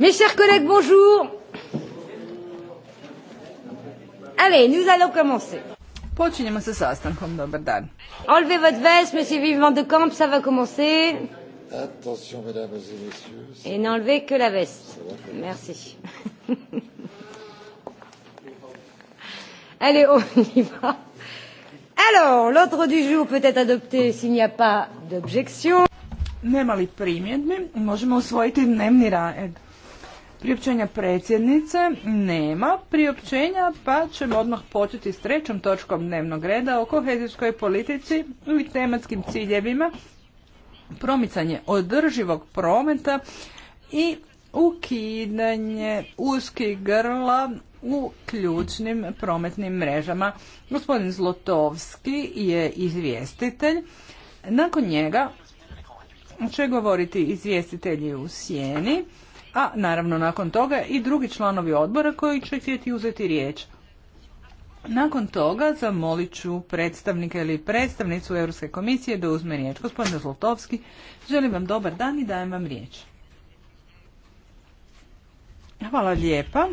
Mes chers collègues, bonjour. Allez, nous allons commencer. Počinjemo sa sastankom, dobar dan. Enlevez votre veste, monsieur Vivant de Camp, ça va commencer. Attention, mesdames et messieurs. Et n'enlevez que la veste. Merci. Allez, on y va. Alors, l'ordre du jour peut être adopté s'il n'y a pas d'objection. Nema li primjedbi, možemo usvojiti dnevni red. Priopćenja predsjednice nema priopćenja, pa ćemo odmah početi s trećom točkom dnevnog reda o kohezijskoj politici i tematskim ciljevima, promicanje održivog prometa i ukidanje uskih grla u ključnim prometnim mrežama. Gospodin Zlotovski je izvjestitelj. Nakon njega će govoriti izvjestitelji u sjeni a naravno nakon toga i drugi članovi odbora koji će htjeti uzeti riječ. Nakon toga zamolit ću predstavnika ili predstavnicu Europske komisije da uzme riječ. Gospodine Zlotovski, želim vam dobar dan i dajem vam riječ. Hvala lijepa.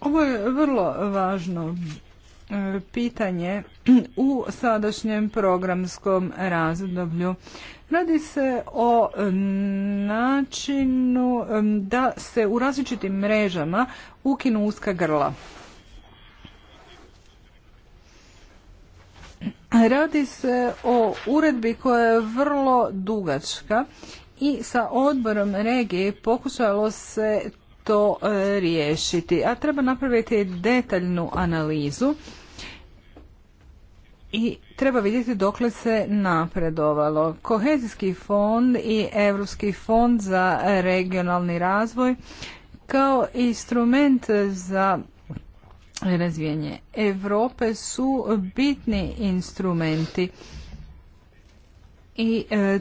Ovo je vrlo važno pitanje u sadašnjem programskom razdoblju. Radi se o načinu da se u različitim mrežama ukinu uska grla. Radi se o uredbi koja je vrlo dugačka i sa odborom regije pokušalo se to e, riješiti. A treba napraviti detaljnu analizu i treba vidjeti dokle se napredovalo. Kohezijski fond i Europski fond za regionalni razvoj kao instrument za razvijenje Europe su bitni instrumenti i e,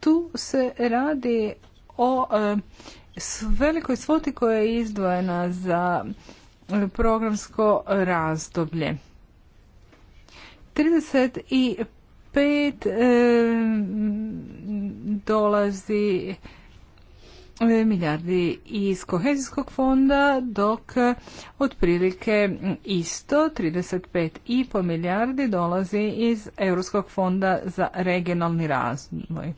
tu se radi o e, velikoj svoti koja je izdvojena za programsko razdoblje. 35 dolazi milijardi iz kohezijskog fonda, dok otprilike isto 35,5 milijardi dolazi iz Europskog fonda za regionalni razvoj.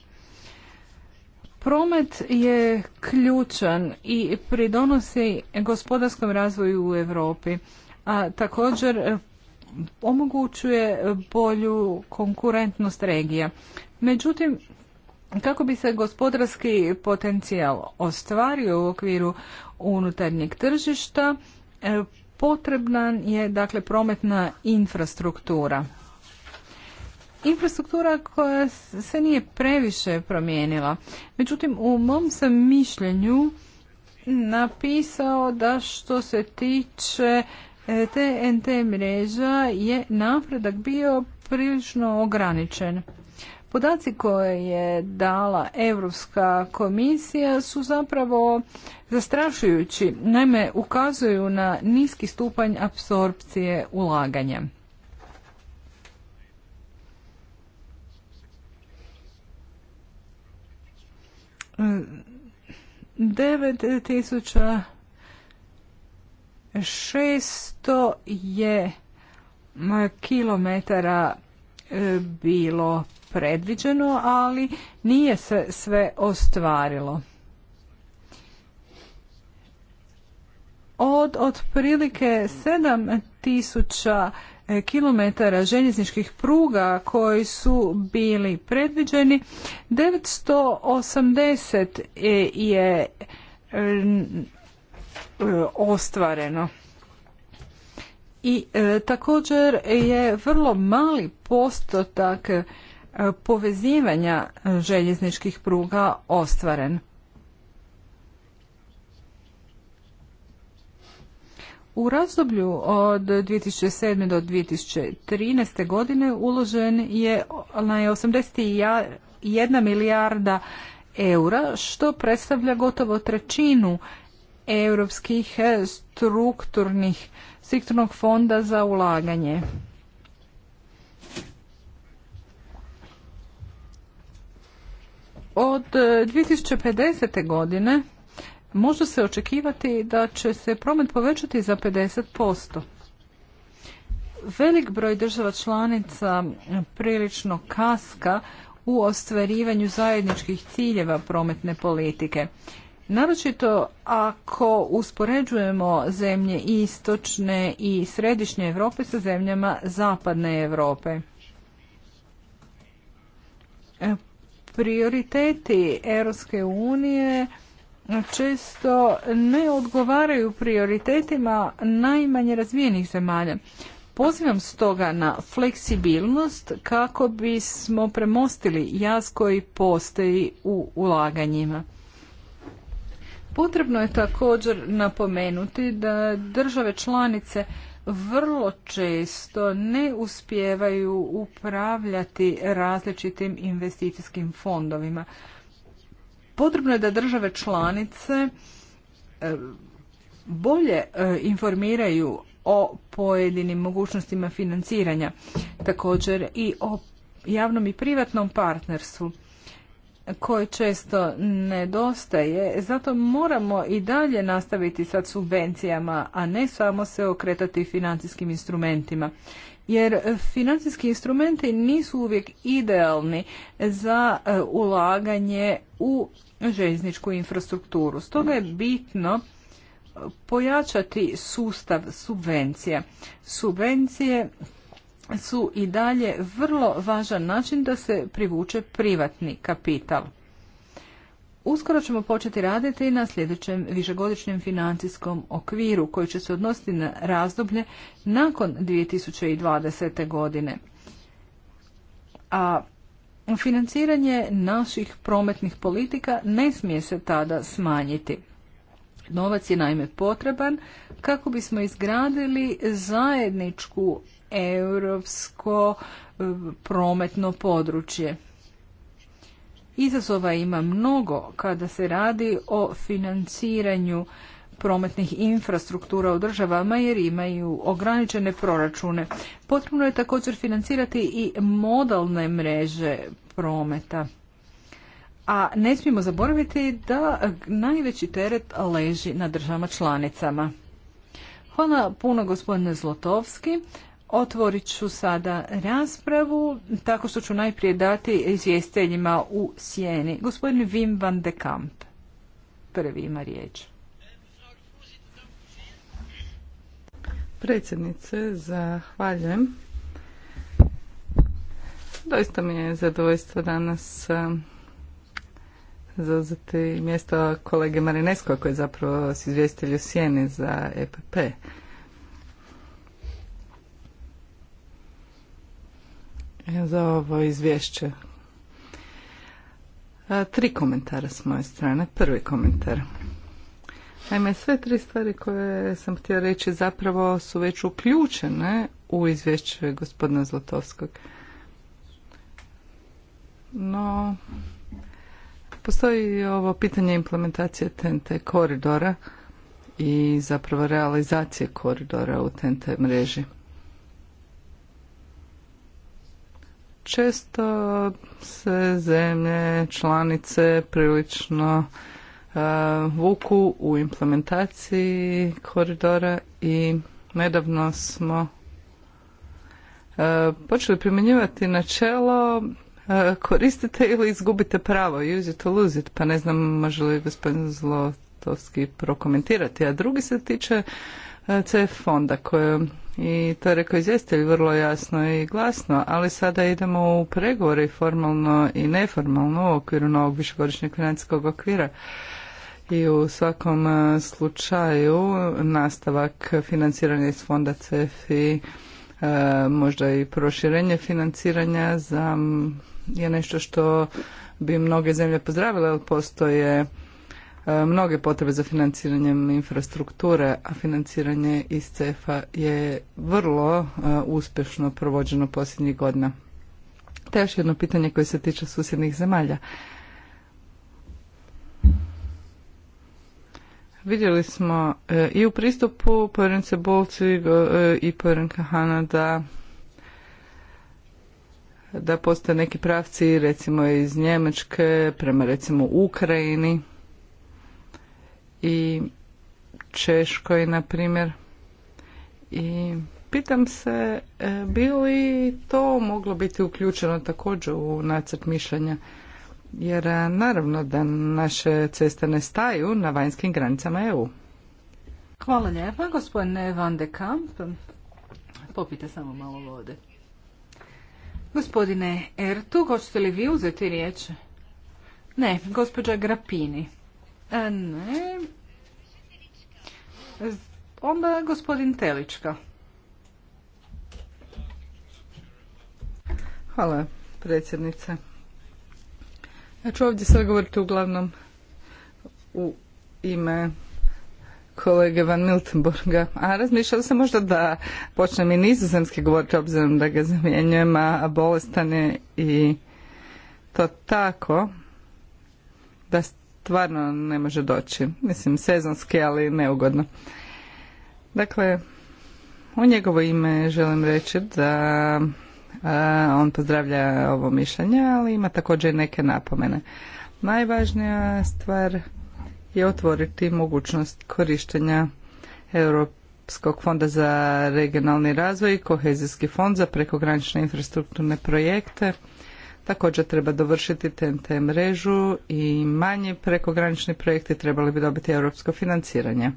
Promet je ključan i pridonosi gospodarskom razvoju u Europi, a također omogućuje bolju konkurentnost regija. Međutim, kako bi se gospodarski potencijal ostvario u okviru unutarnjeg tržišta, e, potrebna je dakle prometna infrastruktura. Infrastruktura koja se nije previše promijenila. Međutim, u mom sam mišljenju napisao da što se tiče TNT e, mreža je napredak bio prilično ograničen. Podaci koje je dala Europska komisija su zapravo zastrašujući, naime ukazuju na niski stupanj apsorpcije ulaganja. E, devet tisuća 600 je kilometara e, bilo predviđeno, ali nije se sve ostvarilo. Od otprilike 7000 e, km željezničkih pruga koji su bili predviđeni, 980 e, je E, ostvareno. I e, također je vrlo mali postotak e, povezivanja željezničkih pruga ostvaren. U razdoblju od 2007. do 2013. godine uložen je na 81 milijarda eura, što predstavlja gotovo trećinu europskih e, strukturnih strukturnog fonda za ulaganje. Od 2050. E, godine može se očekivati da će se promet povećati za 50%. Velik broj država članica prilično kaska u ostvarivanju zajedničkih ciljeva prometne politike. Naročito ako uspoređujemo zemlje istočne i središnje Europe sa zemljama zapadne Europe. E, prioriteti Europske unije često ne odgovaraju prioritetima najmanje razvijenih zemalja. Pozivam stoga na fleksibilnost kako bismo premostili jaz koji postoji u ulaganjima. Potrebno je također napomenuti da države članice vrlo često ne uspijevaju upravljati različitim investicijskim fondovima. Potrebno je da države članice e, bolje e, informiraju o pojedinim mogućnostima financiranja, također i o javnom i privatnom partnerstvu koje često nedostaje, zato moramo i dalje nastaviti sa subvencijama, a ne samo se okretati financijskim instrumentima. Jer financijski instrumenti nisu uvijek idealni za e, ulaganje u željezničku infrastrukturu. Stoga je bitno pojačati sustav subvencija. Subvencije su i dalje vrlo važan način da se privuče privatni kapital. Uskoro ćemo početi raditi na sljedećem višegodišnjem financijskom okviru koji će se odnositi na razdoblje nakon 2020. godine. A financiranje naših prometnih politika ne smije se tada smanjiti. Novac je naime potreban kako bismo izgradili zajedničku europsko e, prometno područje. Izazova ima mnogo kada se radi o financiranju prometnih infrastruktura u državama jer imaju ograničene proračune. Potrebno je također financirati i modalne mreže prometa. A ne smijemo zaboraviti da najveći teret leži na državama članicama. Hvala puno gospodine Zlotovski. Otvorit ću sada raspravu tako što ću najprije dati izvjestiteljima u sjeni. Gospodin Wim van de Kamp prvi ima riječ. Predsjednice, zahvaljujem. Doista mi je zadovoljstvo danas um, zauzeti mjesto kolege Marinesko koji je zapravo izvjestitelj u sjeni za EPP. za ovo izvješće. Tri komentara s moje strane. Prvi komentar. Naime, sve tri stvari koje sam htio reći zapravo su već uključene u izvješće gospodina Zlatovskog. No, postoji ovo pitanje implementacije TNT koridora i zapravo realizacije koridora u TNT mreži. često se zemlje članice prilično uh, vuku u implementaciji koridora i nedavno smo e, počeli primjenjivati načelo e, koristite ili izgubite pravo, use it or lose it, pa ne znam može li gospodin Zlotovski prokomentirati. A drugi se tiče CF fonda koje i to je rekao izvjestitelj vrlo jasno i glasno, ali sada idemo u pregovore formalno i neformalno u okviru novog višegodišnjeg financijskog okvira. I u svakom e, slučaju nastavak financiranja iz fonda CEFI E, možda i proširenje financiranja za, je nešto što bi mnoge zemlje pozdravile, ali postoje E, mnoge potrebe za financiranjem infrastrukture, a financiranje iz CEFA je vrlo e, uspješno provođeno posljednjih godina. Te još jedno pitanje koje se tiče susjednih zemalja. Vidjeli smo e, i u pristupu povjerenice Bolci i povjerenka Hana da da postoje neki pravci recimo iz Njemačke prema recimo Ukrajini i Češkoj, na primjer. I pitam se, e, bi li to moglo biti uključeno također u nacrt mišljenja? Jer e, naravno da naše ceste ne staju na vanjskim granicama EU. Hvala lijepa, gospodine Van de Kamp. Popite samo malo vode. Gospodine Ertu, hoćete li vi uzeti riječ? Ne, gospođa Grapini. E, ne. Onda gospodin Telička. Hvala predsjednice. Ja ću ovdje sve govoriti uglavnom u ime kolege Van Miltenburga. A razmišljala sam možda da počnem i nizozemski govoriti obzirom da ga zamjenjujem, a bolestan je i to tako da stvarno ne može doći. Mislim, sezonski, ali neugodno. Dakle, u njegovo ime želim reći da on pozdravlja ovo mišljenje, ali ima također neke napomene. Najvažnija stvar je otvoriti mogućnost korištenja Europskog fonda za regionalni razvoj i kohezijski fond za prekogranične infrastrukturne projekte Također treba dovršiti TNT mrežu i manji prekogranični projekti trebali bi dobiti europsko financiranje.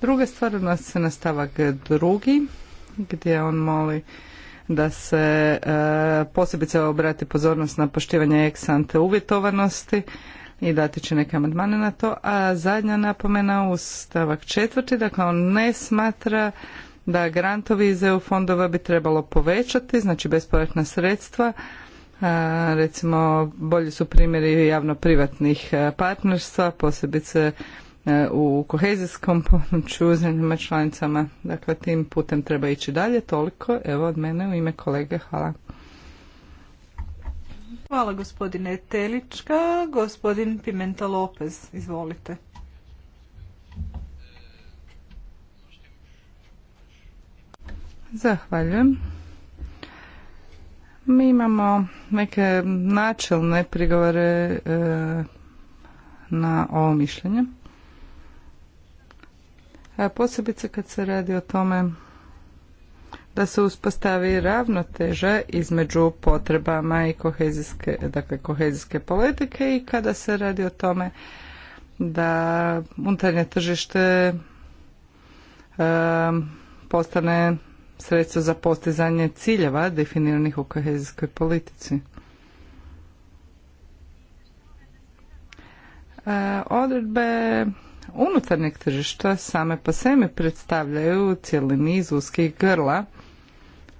Druga stvar odnosi se na stavak drugi gdje on moli da se e, posebice obrati pozornost na poštivanje eksante uvjetovanosti i dati će neke amandmane na to. A zadnja napomena u stavak četvrti, dakle on ne smatra da grantovi iz EU fondova bi trebalo povećati, znači bespovratna sredstva recimo bolji su primjeri javno-privatnih partnerstva, posebice u kohezijskom području zemljama članicama. Dakle, tim putem treba ići dalje. Toliko, evo od mene u ime kolege. Hvala. Hvala gospodine Telička. Gospodin Pimenta Lopez, izvolite. Zahvaljujem. Mi imamo neke načelne prigovore e, na ovo mišljenje. E, posebice kad se radi o tome da se uspostavi ravnoteža između potrebama i kohezijske, dakle, kohezijske politike i kada se radi o tome da unutarnje tržište e, postane sredstva za postizanje ciljeva definiranih u kohezijskoj politici. E, odredbe unutarnjeg tržišta same po sebi predstavljaju cijeli niz uskih grla,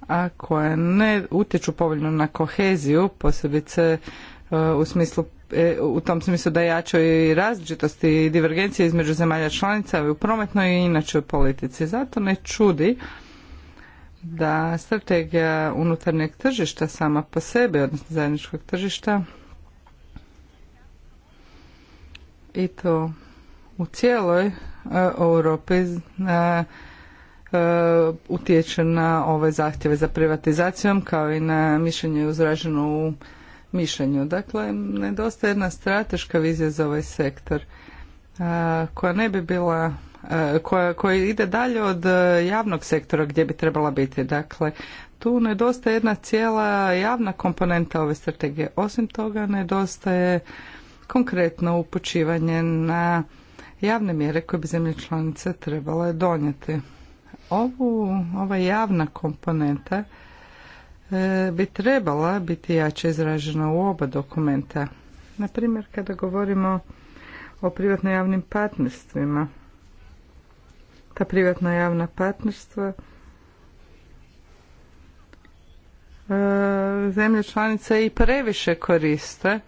a koje ne utječu povoljno na koheziju, posebice e, u smislu e, u tom smislu da jačaju i različitosti i divergencije između zemalja članica u prometnoj i inače politici. Zato ne čudi da strategija unutarnjeg tržišta sama po sebi, odnosno zajedničkog tržišta, i to u cijeloj e, Europi e, e, utječe na ove zahtjeve za privatizacijom kao i na mišljenje uzraženo u mišljenju. Dakle, nedostaje jedna strateška vizija za ovaj sektor koja ne bi bila E, koja, ide dalje od e, javnog sektora gdje bi trebala biti. Dakle, tu nedostaje jedna cijela javna komponenta ove strategije. Osim toga, nedostaje konkretno upućivanje na javne mjere koje bi zemlje članice trebale donijeti. Ovu, ova javna komponenta e, bi trebala biti jače izražena u oba dokumenta. Na primjer, kada govorimo o privatno-javnim partnerstvima, ta privatna javna partnerstva e, zemlje članice i previše koriste, e,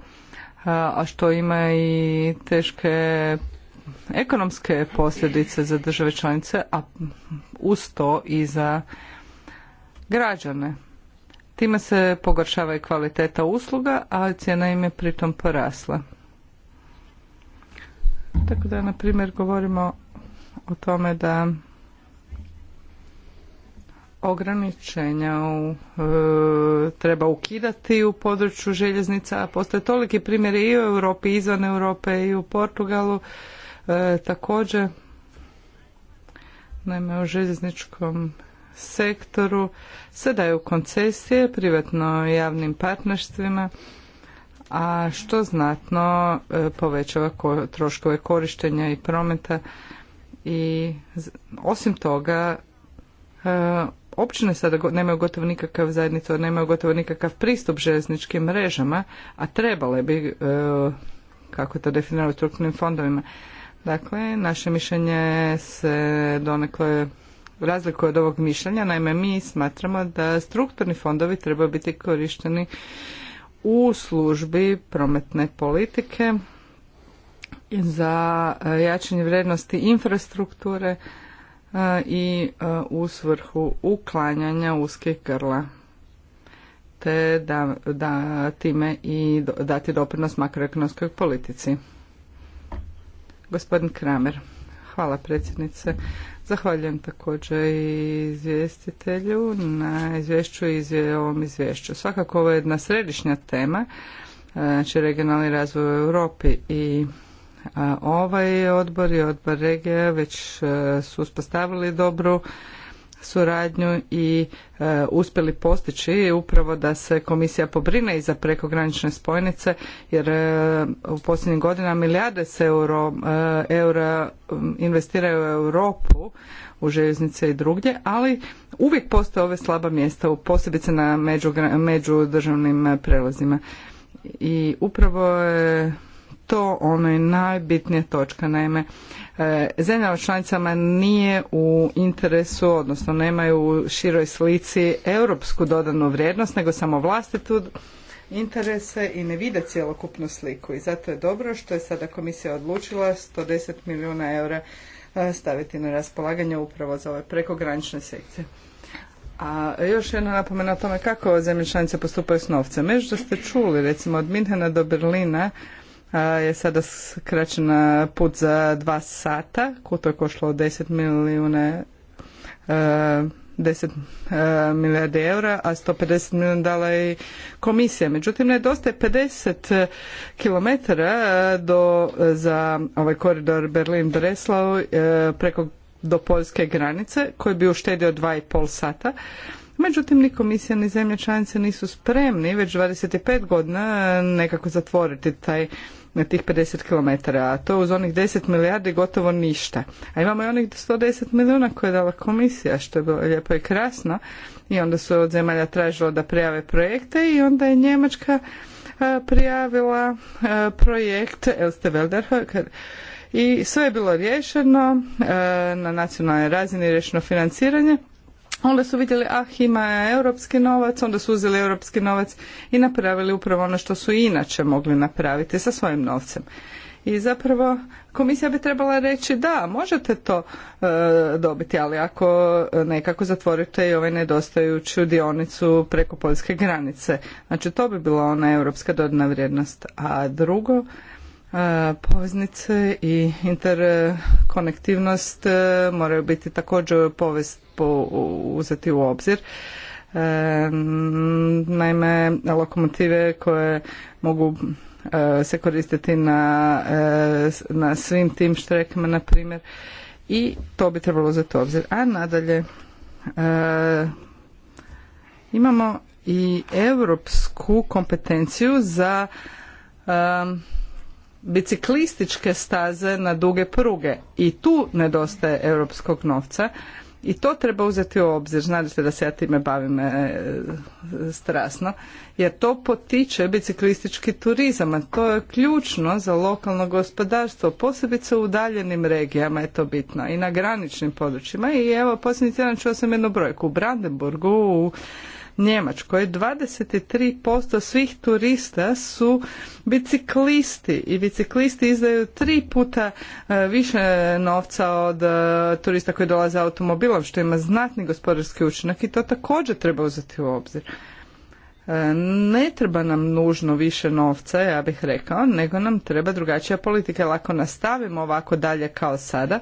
a što ima i teške ekonomske posljedice za države članice, a uz to i za građane. Time se pogoršava i kvaliteta usluga, a cijena im je pritom porasla. Tako da, na primjer, govorimo o tome da ograničenja u, e, treba ukidati u području željeznica, a postoje toliki primjeri i u Europi, izvan Europe i u Portugalu e, također. Naime, u željezničkom sektoru se daju koncesije privatno javnim partnerstvima, a što znatno e, povećava troškove korištenja i prometa i osim toga e, općine sada nemaju gotovo nikakav zajednicu, nemaju gotovo nikakav pristup željezničkim mrežama, a trebale bi, e, kako to definiraju strukturnim fondovima. Dakle, naše mišljenje se donekle razlikuje od ovog mišljenja. Naime, mi smatramo da strukturni fondovi trebaju biti korišteni u službi prometne politike za e, jačanje vrijednosti infrastrukture e, i e, u svrhu uklanjanja uskih grla te da, da time i dati doprinos makroekonomskoj politici. Gospodin Kramer. Hvala predsjednice. Zahvaljujem također i izvjestitelju na izvješću i izvje, ovom izvješću. Svakako ovo je jedna središnja tema, znači regionalni razvoj u Europi i a ovaj odbor i odbor regija već e, su uspostavili dobru suradnju i e, uspjeli postići upravo da se komisija pobrine i za prekogranične spojnice jer e, u posljednjim godinama milijarde se euro, e, eura investiraju u Europu u željeznice i drugdje, ali uvijek postoje ove slaba mjesta, u posebice na među, međudržavnim prelazima. I upravo je to ono je najbitnija točka. Naime, e, zemljama članicama nije u interesu, odnosno nemaju u široj slici europsku dodanu vrijednost, nego samo vlastitu interese i ne vide cjelokupnu sliku. I zato je dobro što je sada komisija odlučila 110 milijuna eura e, staviti na raspolaganje upravo za ove prekogranične sekcije. A još jedna napomena o tome kako zemlje članice postupaju s novcem. Već da ste čuli, recimo od Minhena do Berlina, je sada skraćena put za dva sata, to je košlo 10 milijuna 10 e, e, milijardi eura, a 150 milijuna dala je komisija. Međutim, nedostaje 50 km e, do, za ovaj koridor Berlin-Breslau preko do poljske granice koji bi uštedio dva i pol sata. Međutim, ni komisija ni zemlje članice nisu spremni već 25 godina nekako zatvoriti taj na tih 50 km, a to uz onih 10 milijardi gotovo ništa. A imamo i onih 110 milijuna koje je dala komisija, što je bilo lijepo i krasno. I onda su od zemalja tražilo da prijave projekte i onda je Njemačka prijavila projekt Elste I sve je bilo riješeno na nacionalnoj razini, riješeno financiranje Onda su vidjeli, ah, ima europski novac, onda su uzeli europski novac i napravili upravo ono što su inače mogli napraviti sa svojim novcem. I zapravo komisija bi trebala reći da, možete to e, dobiti, ali ako nekako zatvorite i ovaj nedostajuću dionicu preko poljske granice. Znači to bi bila ona europska dodana vrijednost. A drugo, e, poveznice i interkonektivnost e, moraju biti također povest uzeti u obzir. Naime, lokomotive koje mogu e, se koristiti na, e, na svim tim štrekama na primjer, i to bi trebalo uzeti u obzir. A nadalje, e, imamo i europsku kompetenciju za biciklističke staze na duge pruge i tu nedostaje europskog novca i to treba uzeti u obzir. znate da se ja time bavim e, strasno. Jer to potiče biciklistički turizam, a to je ključno za lokalno gospodarstvo, posebice u udaljenim regijama je to bitno i na graničnim područjima. I evo, posljednji tjedan čuo sam jednu brojku. U Brandenburgu, u Njemačkoj 23% svih turista su biciklisti i biciklisti izdaju tri puta e, više novca od e, turista koji dolaze automobilom što ima znatni gospodarski učinak i to također treba uzeti u obzir. E, ne treba nam nužno više novca, ja bih rekao, nego nam treba drugačija politika. lako nastavimo ovako dalje kao sada,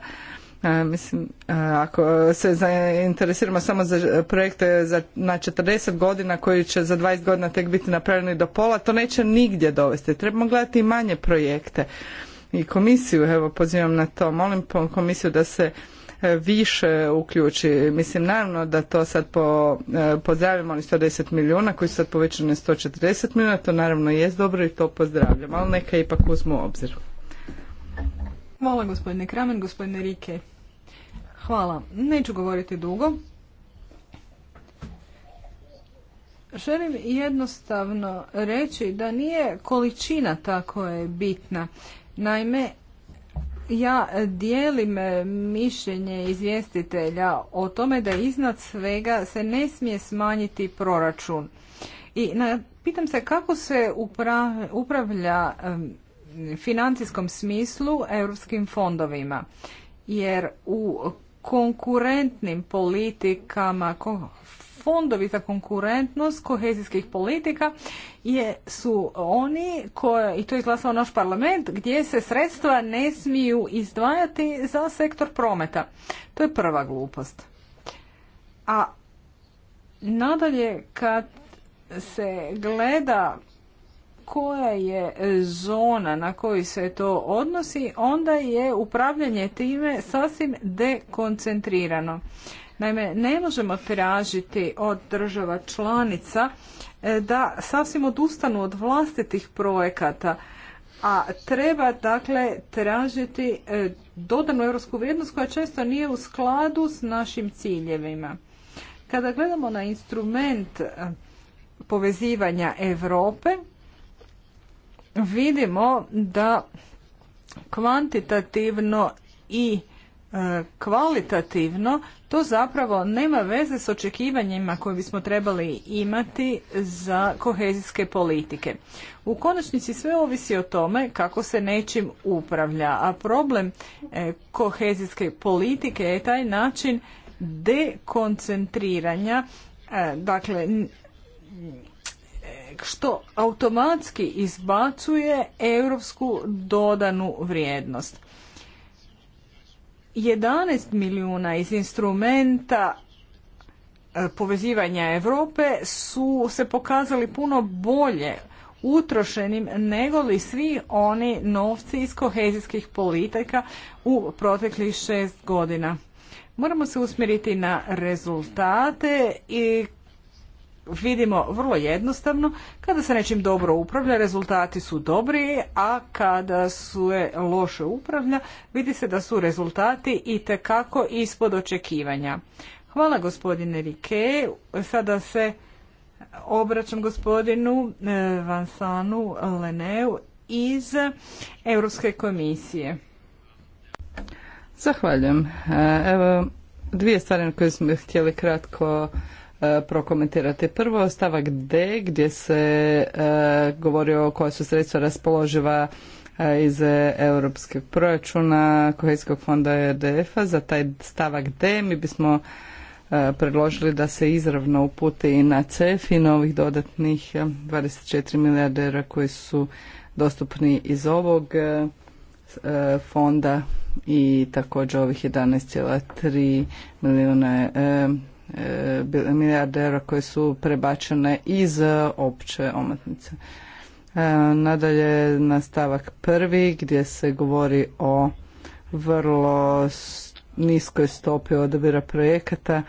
E, mislim, e, ako se zainteresiramo samo za projekte za, na 40 godina koji će za 20 godina tek biti napravljeni do pola, to neće nigdje dovesti. Trebamo gledati i manje projekte. I komisiju, evo, pozivam na to. Molim komisiju da se e, više uključi. Mislim, naravno da to sad po, pozdravljamo oni 110 milijuna koji su sad povećani 140 milijuna, to naravno jest dobro i to pozdravljam ali neka ipak uzmu u obzir. Hvala gospodine Kramen, gospodine Rike. Hvala. Neću govoriti dugo. Želim jednostavno reći da nije količina tako je bitna. Naime, ja dijelim e, mišljenje izvjestitelja o tome da iznad svega se ne smije smanjiti proračun. I na, pitam se kako se upravlja financijskom smislu europskim fondovima. Jer u konkurentnim politikama, fondovi za konkurentnost kohezijskih politika je, su oni koje, i to je izglasao naš parlament, gdje se sredstva ne smiju izdvajati za sektor prometa. To je prva glupost. A nadalje kad se gleda koja je e, zona na koju se to odnosi, onda je upravljanje time sasvim dekoncentrirano. Naime, ne možemo tražiti od država članica e, da sasvim odustanu od vlastitih projekata, a treba dakle tražiti e, dodanu europsku vrijednost koja često nije u skladu s našim ciljevima. Kada gledamo na instrument povezivanja Europe, vidimo da kvantitativno i e, kvalitativno to zapravo nema veze s očekivanjima koje bismo trebali imati za kohezijske politike. U konačnici sve ovisi o tome kako se nečim upravlja, a problem e, kohezijske politike je taj način dekoncentriranja, e, dakle što automatski izbacuje europsku dodanu vrijednost. 11 milijuna iz instrumenta e, povezivanja Europe su se pokazali puno bolje utrošenim nego li svi oni novci iz kohezijskih politika u proteklih šest godina. Moramo se usmjeriti na rezultate i vidimo vrlo jednostavno, kada se nečim dobro upravlja, rezultati su dobri, a kada su je loše upravlja, vidi se da su rezultati i tekako ispod očekivanja. Hvala gospodine Rike. Sada se obraćam gospodinu e, Vansanu Leneu iz Europske komisije. Zahvaljujem. E, evo, dvije stvari na koje smo htjeli kratko E, prokomentirati. Prvo stavak D gdje se e, govori o koja su sredstva raspoloživa e, iz europskog proračuna kohezijskog fonda edf a za taj stavak D mi bismo predložili da se izravno uputi i na CEF i na ovih dodatnih 24 milijardera koji su dostupni iz ovog fonda i također ovih 11,3 milijuna milijarde eura koje su prebačene iz e, opće omotnice. E, nadalje nastavak prvi gdje se govori o vrlo niskoj stopi odabira projekata.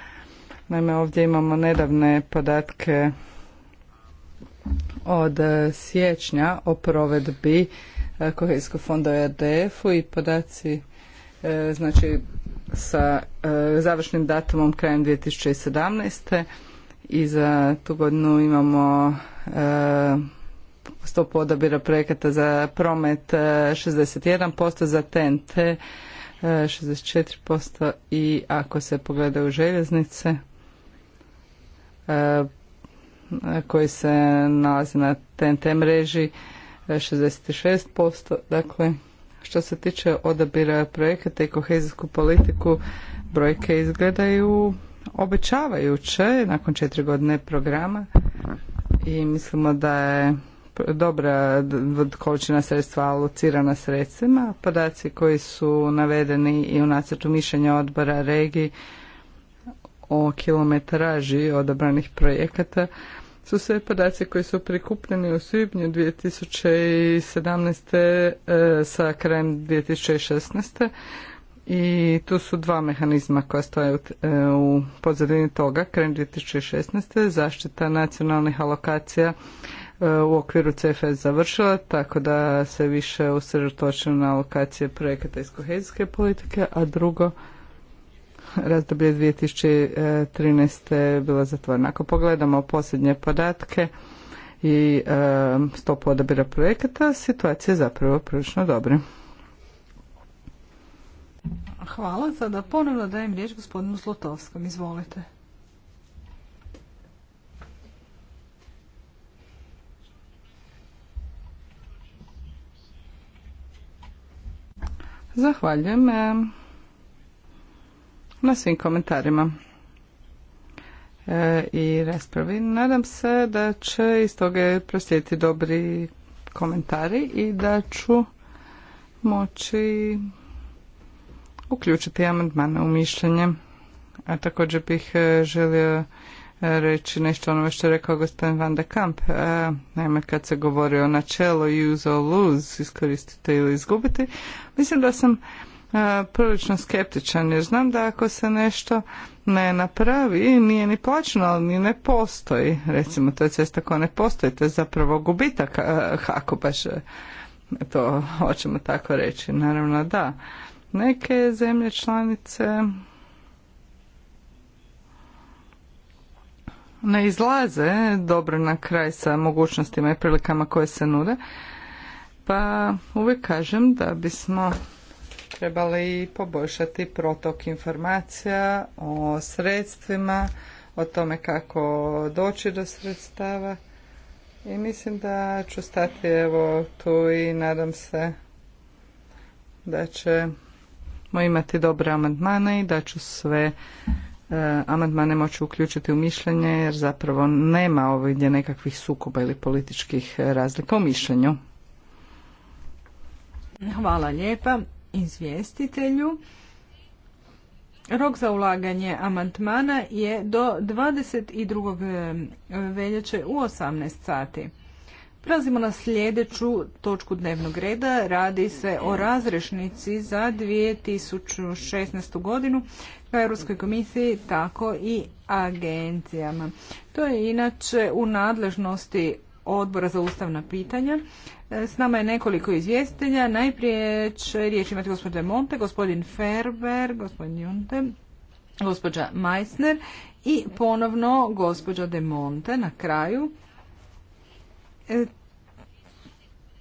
Naime, ovdje imamo nedavne podatke od e, siječnja o provedbi kohezijskog fonda u RDF-u i podaci, znači sa e, završnim datumom krajem 2017. I za tu godinu imamo e, stopu odabira projekata za promet 61%, e, za TNT 64% i ako se pogledaju željeznice koji se nalaze na TNT mreži 66%, dakle što se tiče odabira projekata i kohezijsku politiku, brojke izgledaju obećavajuće nakon četiri godine programa i mislimo da je dobra količina sredstva alocirana sredstvima. Podaci koji su navedeni i u nacrtu mišljenja odbora regiji o kilometraži odabranih projekata su sve podaci koji su prikupljeni u svibnju 2017. E, sa krajem 2016. I tu su dva mehanizma koja stoje u e, pozadini toga. Krajem 2016. zaštita nacionalnih alokacija e, u okviru CFS završila, tako da se više usredotočeno na alokacije projekata iz kohezijske politike, a drugo razdoblje 2013. je bilo Ako pogledamo posljednje podatke i e, stopu odabira projekata, situacija je zapravo prilično dobra. Hvala. Sada ponovno dajem riječ gospodinu Zlotovskom. Izvolite. Zahvaljujem na svim komentarima e, i raspravi. Nadam se da će iz toga proslijediti dobri komentari i da ću moći uključiti amandmane u mišljenje. A također bih e, želio e, reći nešto ono što je rekao gospodin Van de Kamp. Naime, kad se govori o načelu use or lose, iskoristite ili izgubiti, mislim da sam prilično skeptičan jer znam da ako se nešto ne napravi, nije ni plaćeno, ali ni ne postoji. Recimo, to je cesta koja ne postoji, to je zapravo gubitak, ako baš e, to hoćemo tako reći. Naravno, da. Neke zemlje članice ne izlaze dobro na kraj sa mogućnostima i prilikama koje se nude, pa uvijek kažem da bismo trebali poboljšati protok informacija o sredstvima, o tome kako doći do sredstava. I mislim da ću stati evo tu i nadam se da ćemo imati dobre amandmane i da ću sve e, amandmane moći uključiti u mišljenje jer zapravo nema ovdje nekakvih sukoba ili političkih razlika u mišljenju. Hvala lijepa izvjestitelju. Rok za ulaganje amantmana je do 22. veljače u 18 sati. Prelazimo na sljedeću točku dnevnog reda. Radi se o razrešnici za 2016. godinu ka Europskoj komisiji, tako i agencijama. To je inače u nadležnosti odbora za ustavna pitanja. E, s nama je nekoliko izvjestitelja. Najprije će riječ imati gospođa Monte, gospodin Ferber, gospodin Junte, gospođa Meissner i ponovno gospođa De Monte na kraju. E,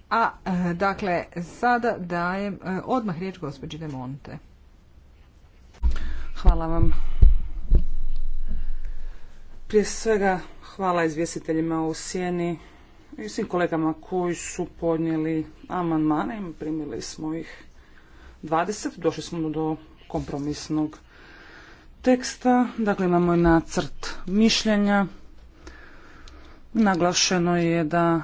a, e, dakle, sada dajem odmah riječ gospođi De Monte. Hvala vam. Prije svega hvala izvjestiteljima u Sjeni i svim kolegama koji su podnijeli amandmane. Primili smo ih 20. Došli smo do kompromisnog teksta. Dakle, imamo i nacrt mišljenja. Naglašeno je da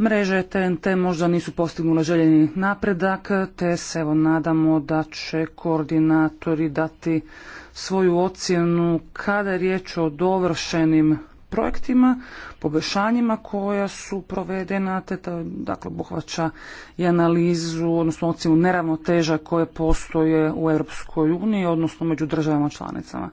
mreže TNT možda nisu postignule željeni napredak, te se evo nadamo da će koordinatori dati svoju ocjenu kada je riječ o dovršenim projektima, poboljšanjima koja su provedena, te dakle obuhvaća i analizu, odnosno ocjenu neravnoteža koje postoje u Europskoj uniji, odnosno među državama članicama.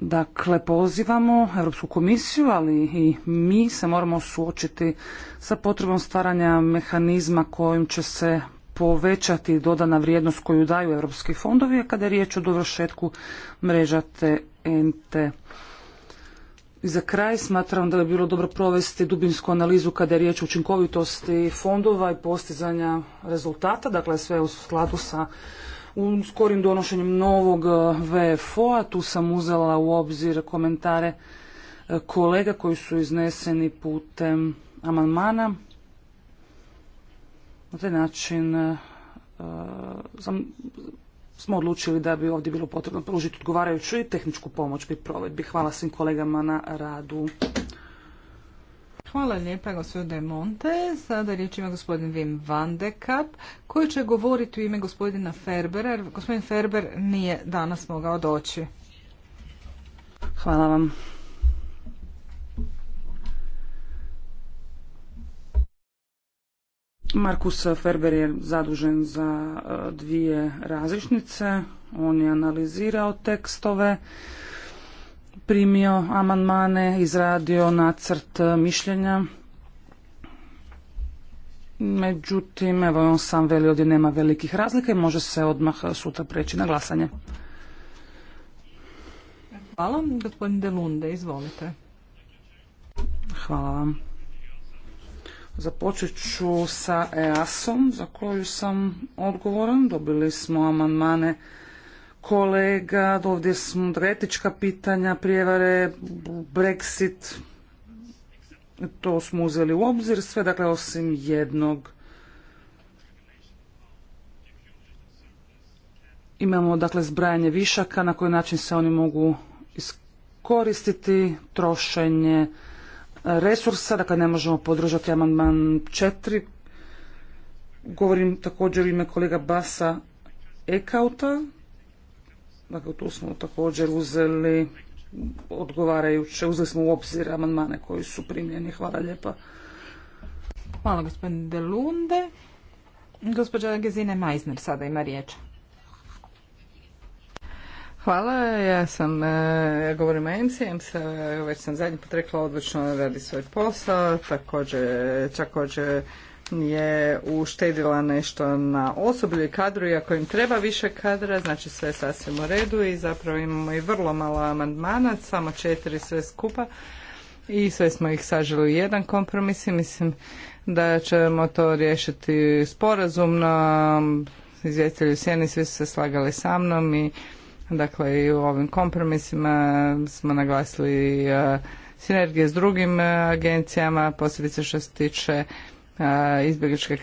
Dakle, pozivamo Europsku komisiju, ali i mi se moramo suočiti sa potrebom stvaranja mehanizma kojim će se povećati dodana vrijednost koju daju europski fondovi, a kada je riječ o dovršetku mreža NT. I za kraj smatram da bi bilo dobro provesti dubinsku analizu kada je riječ o učinkovitosti fondova i postizanja rezultata, dakle sve u skladu sa skorim donošenjem novog e, VFO-a. Tu sam uzela u obzir komentare e, kolega koji su izneseni putem amandmana. Na taj način e, smo odlučili da bi ovdje bilo potrebno pružiti odgovarajuću i tehničku pomoć pri provedbi. Hvala svim kolegama na radu. Hvala lijepa gospodine Monte. Sada riječ ima gospodin Wim van de Kapp, koji će govoriti u ime gospodina Ferbera, gospodin Ferber nije danas mogao doći. Hvala vam. Markus Ferber je zadužen za e, dvije različnice. On je analizirao tekstove, primio amandmane, izradio nacrt mišljenja. Međutim, evo on sam veli ovdje nema velikih razlika i može se odmah sutra preći na glasanje. Hvala. Gospodin Delunde, izvolite. Hvala vam. Započet ću sa EAS-om za koju sam odgovoran. Dobili smo amandmane kolega, ovdje smo etička pitanja, prijevare, Brexit. To smo uzeli u obzir sve, dakle osim jednog. Imamo dakle zbrajanje višaka na koji način se oni mogu iskoristiti, trošenje resursa, dakle ne možemo podržati amandman četiri. Govorim također u ime kolega Basa Ekauta. Dakle, tu smo također uzeli odgovarajuće, uzeli smo u obzir amandmane koji su primljeni. Hvala lijepa. Hvala gospodine Delunde. Gospođa Gezine Majzner sada ima riječ. Hvala, ja sam, e, ja govorim e, o EMSI, već sam zadnji put rekla odlično radi svoj posao, također, također je uštedila nešto na osoblju i kadru, iako im treba više kadra, znači sve je sasvim u redu i zapravo imamo i vrlo malo amandmana, samo četiri sve skupa i sve smo ih saželi u jedan kompromis i mislim da ćemo to riješiti sporazumno, izvjetelju sjeni svi su se slagali sa mnom i Dakle, i u ovim kompromisima smo naglasili e, sinergije s drugim e, agencijama, posebice što se tiče e, izbjegličke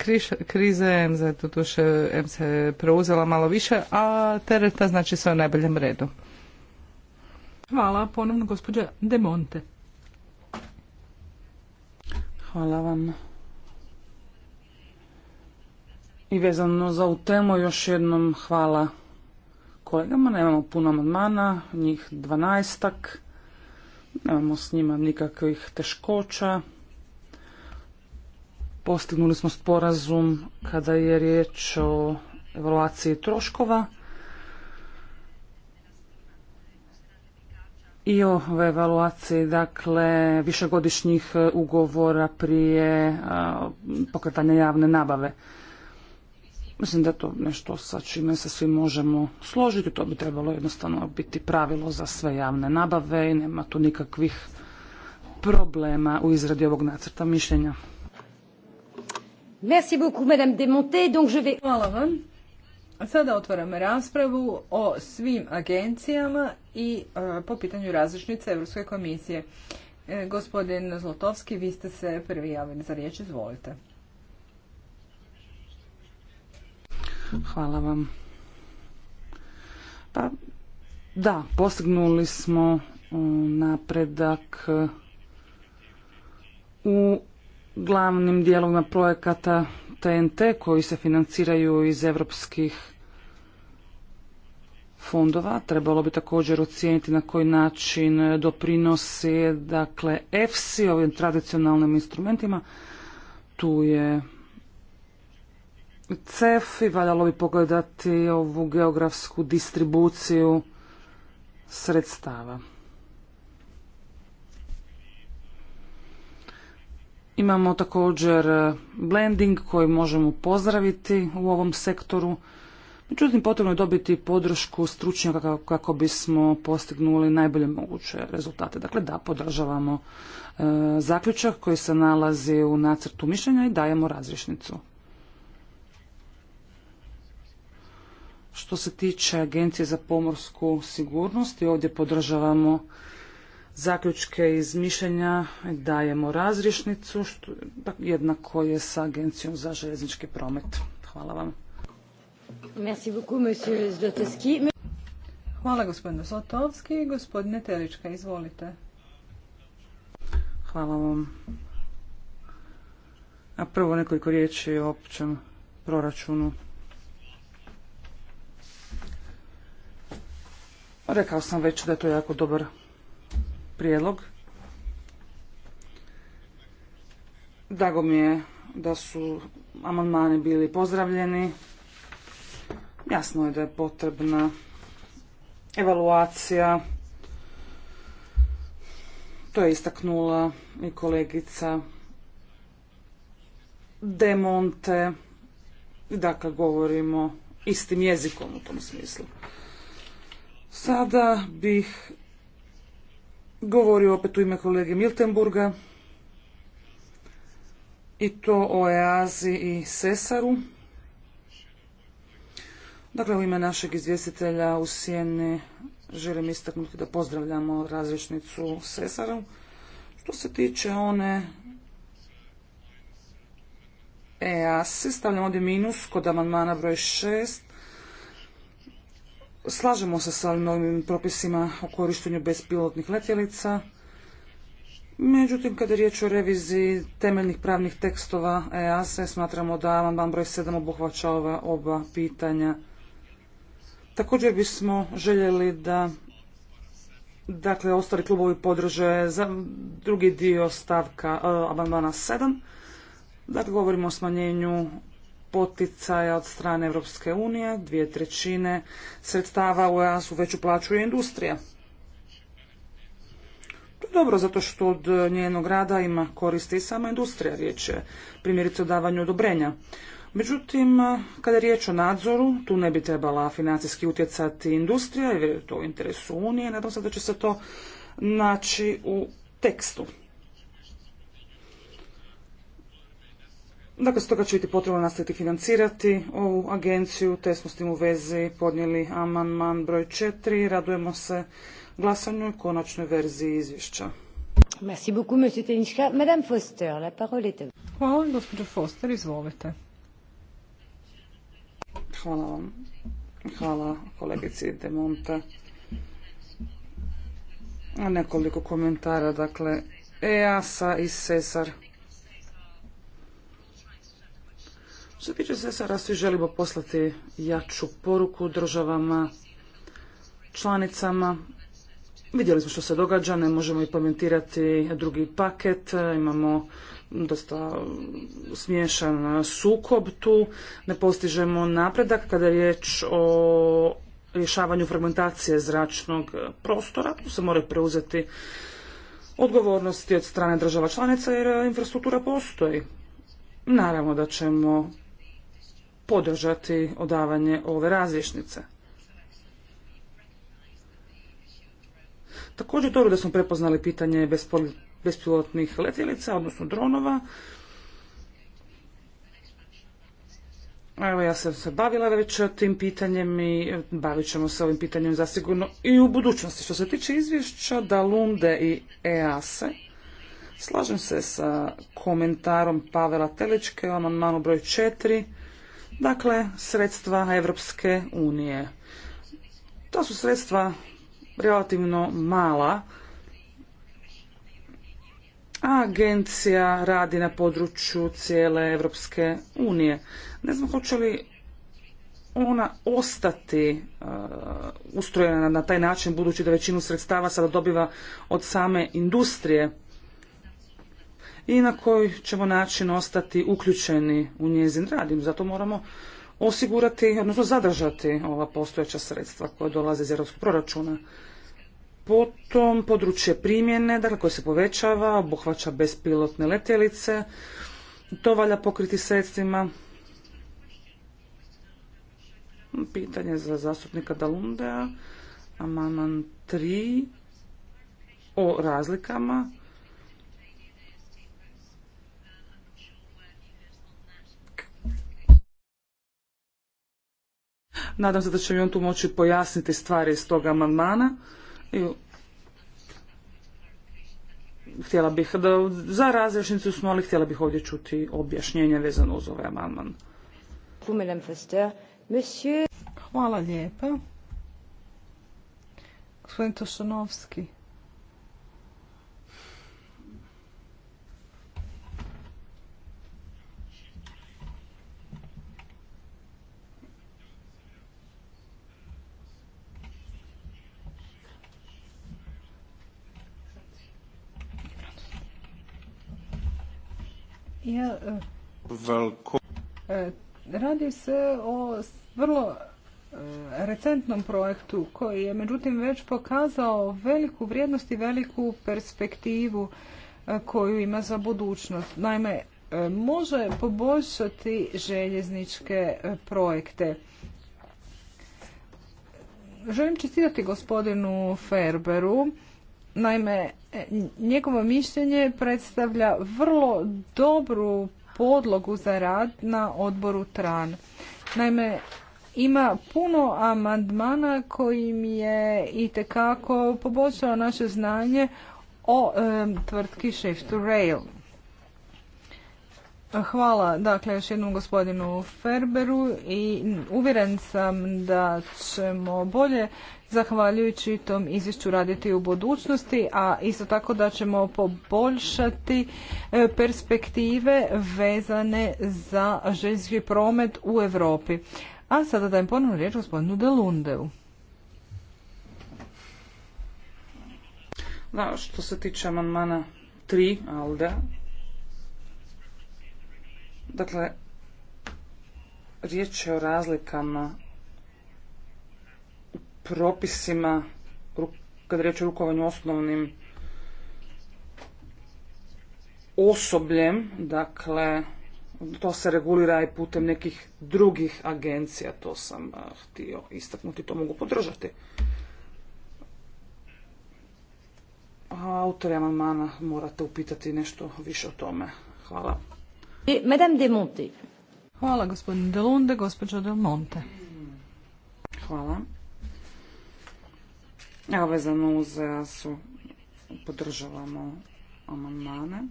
krize, zato tuše M se preuzela malo više, a tereta znači sve u najboljem redu. Hvala ponovno gospođa Demonte. Hvala vam. I vezano za ovu temu još jednom hvala kolegama, nemamo puno amandmana, njih dvanaestak, nemamo s njima nikakvih teškoća. Postignuli smo sporazum kada je riječ o evaluaciji troškova i o evaluaciji dakle višegodišnjih ugovora prije pokretanja javne nabave. Mislim da je to nešto sa čime se svi možemo složiti. To bi trebalo jednostavno biti pravilo za sve javne nabave i nema tu nikakvih problema u izradi ovog nacrta mišljenja. Merci beaucoup, madame Demonté. Donc je vais... Hvala vam. Sada otvaram raspravu o svim agencijama i e, po pitanju različnice Europske komisije. E, gospodin Zlotovski, vi ste se prvi javili za riječ, izvolite. Hvala vam. Pa da, postignuli smo napredak u glavnim dijelovima projekata TNT koji se financiraju iz europskih fondova. Trebalo bi također ocijeniti na koji način doprinosi dakle EFSI ovim tradicionalnim instrumentima. Tu je CEF i valjalo bi pogledati ovu geografsku distribuciju sredstava. Imamo također blending koji možemo pozdraviti u ovom sektoru. Međutim, potrebno je dobiti podršku stručnjaka kako bismo postignuli najbolje moguće rezultate. Dakle, da, podržavamo e, zaključak koji se nalazi u nacrtu mišljenja i dajemo razrišnicu. Što se tiče Agencije za pomorsku sigurnost i ovdje podržavamo zaključke iz mišljenja, dajemo razrišnicu, što jednako je sa Agencijom za željeznički promet. Hvala vam. Merci beaucoup, monsieur Zlotowski. Hvala gospodinu Zlotovski. Gospodine Telička, izvolite. Hvala vam. A prvo nekoliko riječi o općem proračunu Rekao sam već da je to jako dobar prijedlog. Drago mi je da su amandmani bili pozdravljeni. Jasno je da je potrebna evaluacija. To je istaknula i kolegica Demonte. Dakle, govorimo istim jezikom u tom smislu. Sada bih govorio opet u ime kolege Miltenburga i to o Eazi i Sesaru. Dakle, u ime našeg izvjestitelja u Sjeni želim istaknuti da pozdravljamo različnicu Sesaru. Što se tiče one EASI, stavljam ovdje minus kod amandmana broj šest slažemo se sa novim propisima o korištenju bespilotnih letjelica. Međutim, kada je riječ o reviziji temeljnih pravnih tekstova EASE, smatramo da amandman broj 7 obuhvaća ova oba pitanja. Također bismo željeli da dakle, ostali klubovi podrže za drugi dio stavka e, amandmana 7. Dakle, govorimo o smanjenju poticaja od strane Europske unije, dvije trećine sredstava u EAS-u već uplaćuje industrija. To je dobro zato što od njenog rada ima koristi i sama industrija, riječ je primjerice o davanju odobrenja. Međutim, kada je riječ o nadzoru, tu ne bi trebala financijski utjecati industrija, jer je to u interesu Unije. Nadam se da će se to naći u tekstu. Dakle, stoga će biti potrebno nastaviti financirati ovu agenciju, te smo s tim u vezi podnijeli amandman broj 4. Radujemo se glasanju i konačnoj verziji izvješća. Merci beaucoup, monsieur Madame Foster, la parole est à vous. gospođo Foster, izvolite. Hvala vam. Hvala kolegici De Monte. Nekoliko komentara, dakle, EASA i Cesar. Što se tiče ssr svi želimo poslati jaču poruku državama, članicama. Vidjeli smo što se događa, ne možemo implementirati drugi paket, imamo dosta smiješan sukob tu, ne postižemo napredak kada je riječ o rješavanju fragmentacije zračnog prostora, tu se moraju preuzeti odgovornosti od strane država članica jer infrastruktura postoji. Naravno da ćemo podržati odavanje ove razrješnice Također dobro da smo prepoznali pitanje bespilotnih letjelica, odnosno dronova. Evo ja sam se bavila već tim pitanjem i e, bavit ćemo se ovim pitanjem zasigurno i u budućnosti. Što se tiče izvješća Dalunde i EASE, slažem se sa komentarom Pavela Teličke u amandmanu broj četiri, Dakle, sredstva Evropske unije. To su sredstva relativno mala, a agencija radi na području cijele Evropske unije. Ne znam hoće li ona ostati e, ustrojena na taj način budući da većinu sredstava sada dobiva od same industrije i na koji ćemo način ostati uključeni u njezin rad. I zato moramo osigurati, odnosno zadržati ova postojeća sredstva koja dolaze iz europskog proračuna. Potom područje primjene, dakle koje se povećava, obuhvaća bespilotne letjelice, to valja pokriti sredstvima. Pitanje za zastupnika Dalundea, amaman 3 o razlikama Nadam se da će mi on tu moći pojasniti stvari iz tog amandmana. htjela bih da, za razrešnicu smo, ali htjela bih ovdje čuti objašnjenje vezano uz ovaj amandman. Hvala lijepa. Gospodin Tošanovski. Ja, e, e, radi se o vrlo e, recentnom projektu koji je međutim već pokazao veliku vrijednost i veliku perspektivu koju ima za budućnost. Naime, može poboljšati željezničke projekte. Želim čestitati gospodinu Ferberu Naime, e, njegovo mišljenje predstavlja vrlo dobru podlogu za rad na odboru TRAN. Naime, ima puno amandmana kojim je i tekako poboljšao naše znanje o e, tvrtki Shift to Rail. Hvala dakle još jednom gospodinu Ferberu i uvjeren sam da ćemo bolje zahvaljujući tom izvješću raditi u budućnosti, a isto tako da ćemo poboljšati e, perspektive vezane za željeznički promet u Europi. A sada dajem ponovno riječ gospodinu Delundeu. Da, što se tiče amandmana 3, Alda, dakle, riječ je o razlikama propisima kad je riječ o rukovanju osnovnim osobljem, dakle to se regulira i putem nekih drugih agencija, to sam eh, htio istaknuti, to mogu podržati. Autori amandmana morate upitati nešto više o tome. Hvala. Madame de Monte. Hvala gospodin Delunde, gospođo Del Monte. Hvala. Evo vezano uz e, su podržavamo amandmane.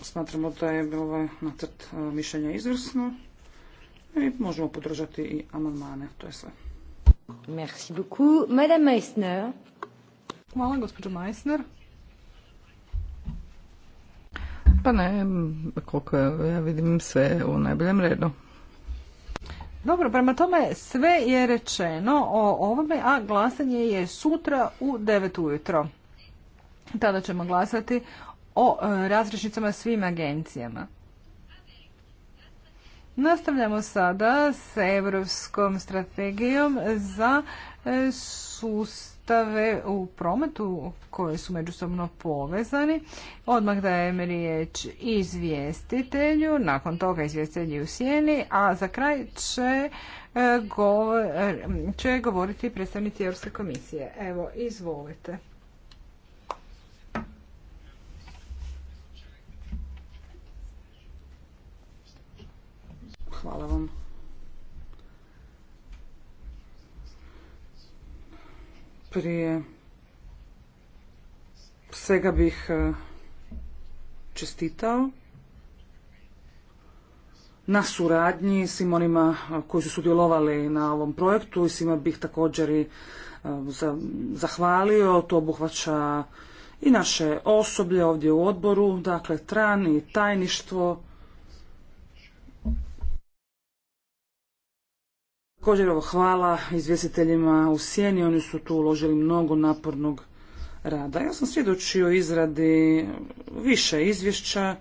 Smatramo da je ovaj nacrt e, mišljenja izvrsno i možemo podržati i amandmane. To je sve. Merci beaucoup. Madame Meissner. Hvala, gospođo Meissner. Pa ne, koliko ja vidim sve u najboljem redu. Dobro, prema tome sve je rečeno o ovome, a glasanje je sutra u 9 ujutro. Tada ćemo glasati o e, razrešnicama svim agencijama. Nastavljamo sada s Europskom strategijom za e, sustav sustave u prometu koji su međusobno povezani. Odmah dajem riječ izvjestitelju, nakon toga izvjestitelji u sjeni, a za kraj će, e, će govoriti predstavnici Europske komisije. Evo, izvolite. Hvala vam. Prije svega bih e, čestitao na suradnji svim onima e, koji su sudjelovali na ovom projektu i svima bih također i e, zahvalio. To obuhvaća i naše osoblje ovdje u odboru, dakle tran i tajništvo Također hvala izvjestiteljima u Sjeni, oni su tu uložili mnogo napornog rada. Ja sam svjedočio izradi više izvješća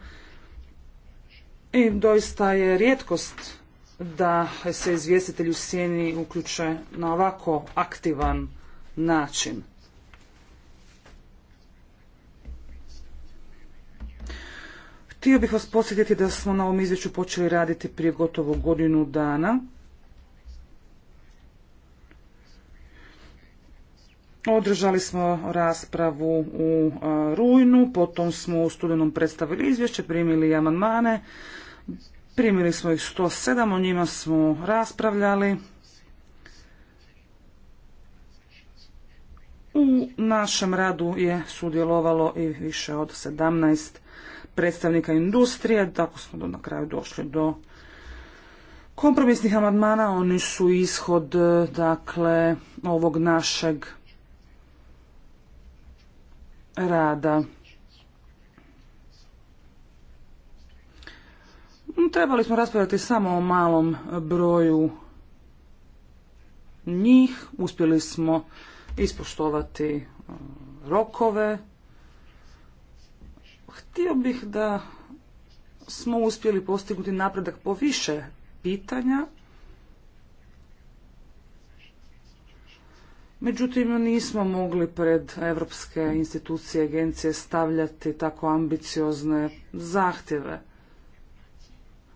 i doista je rijetkost da se izvjestitelji u Sjeni uključe na ovako aktivan način. Htio bih vas podsjetiti da smo na ovom izvješću počeli raditi prije gotovo godinu dana. Održali smo raspravu u rujnu, potom smo u studenom predstavili izvješće, primili amandmane, primili smo ih 107, o njima smo raspravljali. U našem radu je sudjelovalo i više od 17 predstavnika industrije, tako smo na kraju došli do kompromisnih amandmana, oni su ishod dakle ovog našeg rada. Trebali smo raspravljati samo o malom broju njih. Uspjeli smo ispoštovati e, rokove. Htio bih da smo uspjeli postignuti napredak po više pitanja, Međutim, nismo mogli pred evropske institucije i agencije stavljati tako ambiciozne zahtjeve.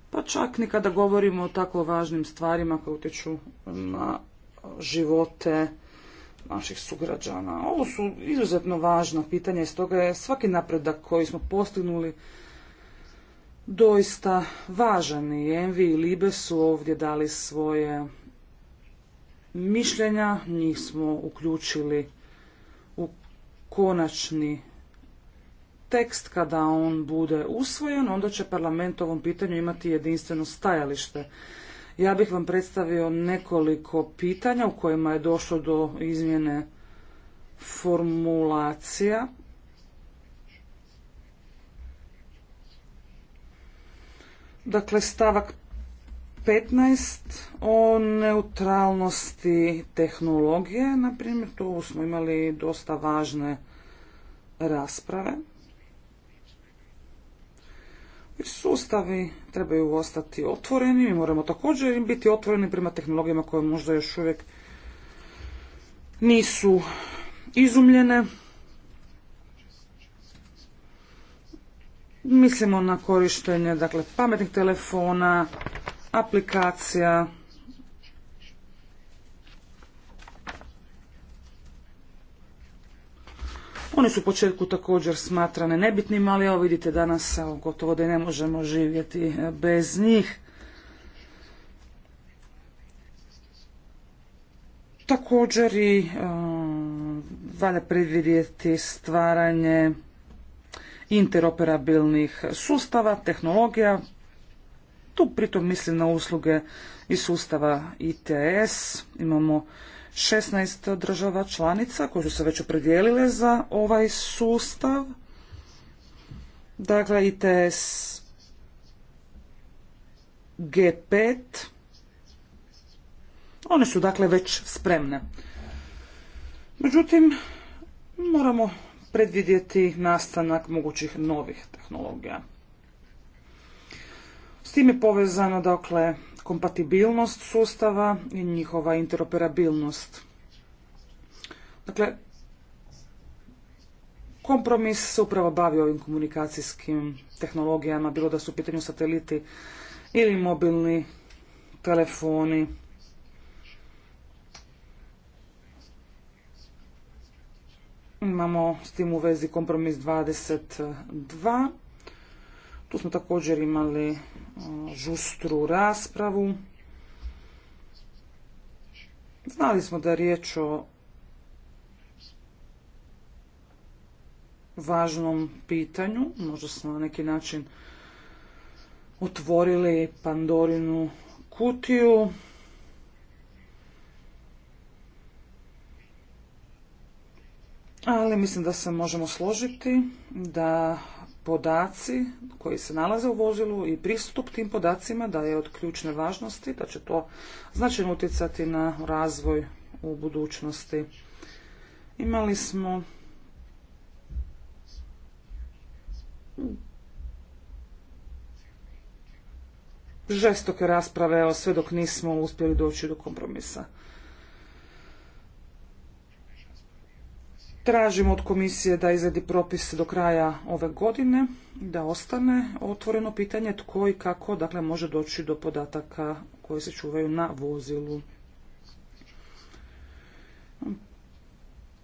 Pa čak ni kada govorimo o tako važnim stvarima koje utječu na živote naših sugrađana. Ovo su izuzetno važna pitanja i stoga je svaki napredak koji smo postignuli doista važan i Envi i Libe su ovdje dali svoje mišljenja, njih smo uključili u konačni tekst kada on bude usvojen, onda će parlament ovom pitanju imati jedinstveno stajalište. Ja bih vam predstavio nekoliko pitanja u kojima je došlo do izmjene formulacija. Dakle, stavak 15 o neutralnosti tehnologije, na primjer, tu smo imali dosta važne rasprave. I sustavi trebaju ostati otvoreni, mi moramo također biti otvoreni prema tehnologijama koje možda još uvijek nisu izumljene. Mislimo na korištenje dakle, pametnih telefona, aplikacija Oni su u početku također smatrane nebitnim, ali evo vidite danas gotovo da ne možemo živjeti e, bez njih. Također i e, valja predvidjeti stvaranje interoperabilnih sustava, tehnologija tu pritom mislim na usluge iz sustava ITS. Imamo 16 država članica koje su se već opredijelile za ovaj sustav. Dakle, ITS G5. One su dakle već spremne. Međutim, moramo predvidjeti nastanak mogućih novih tehnologija tim je povezano dakle kompatibilnost sustava i njihova interoperabilnost. Dakle, kompromis se upravo bavi ovim komunikacijskim tehnologijama, bilo da su u pitanju sateliti ili mobilni telefoni. Imamo s tim u vezi kompromis 22. Tu smo također imali žustru raspravu. Znali smo da je riječ o važnom pitanju, možda smo na neki način otvorili Pandorinu kutiju. Ali mislim da se možemo složiti da podaci koji se nalaze u vozilu i pristup tim podacima da je od ključne važnosti, da će to značajno utjecati na razvoj u budućnosti. Imali smo žestoke rasprave, sve dok nismo uspjeli doći do kompromisa. Tražimo od komisije da izradi propis do kraja ove godine, da ostane otvoreno pitanje tko i kako dakle, može doći do podataka koji se čuvaju na vozilu.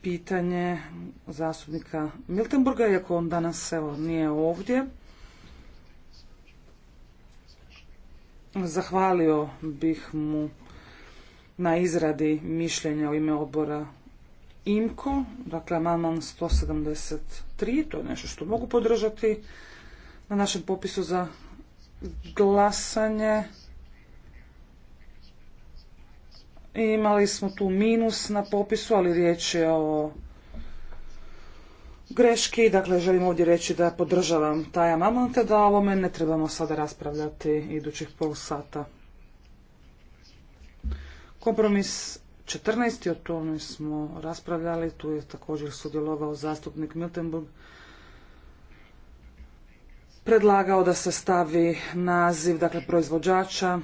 Pitanje zastupnika Miltenburga, iako on danas evo, nije ovdje. Zahvalio bih mu na izradi mišljenja u ime odbora IMKO, dakle amandman 173, to je nešto što mogu podržati na našem popisu za glasanje. Imali smo tu minus na popisu, ali riječ je o greški, dakle želim ovdje reći da podržavam taj amandman te da ovome ne trebamo sada raspravljati idućih pol sata. Kompromis 14. o tome smo raspravljali, tu je također sudjelovao zastupnik Miltenburg, predlagao da se stavi naziv, dakle, proizvođača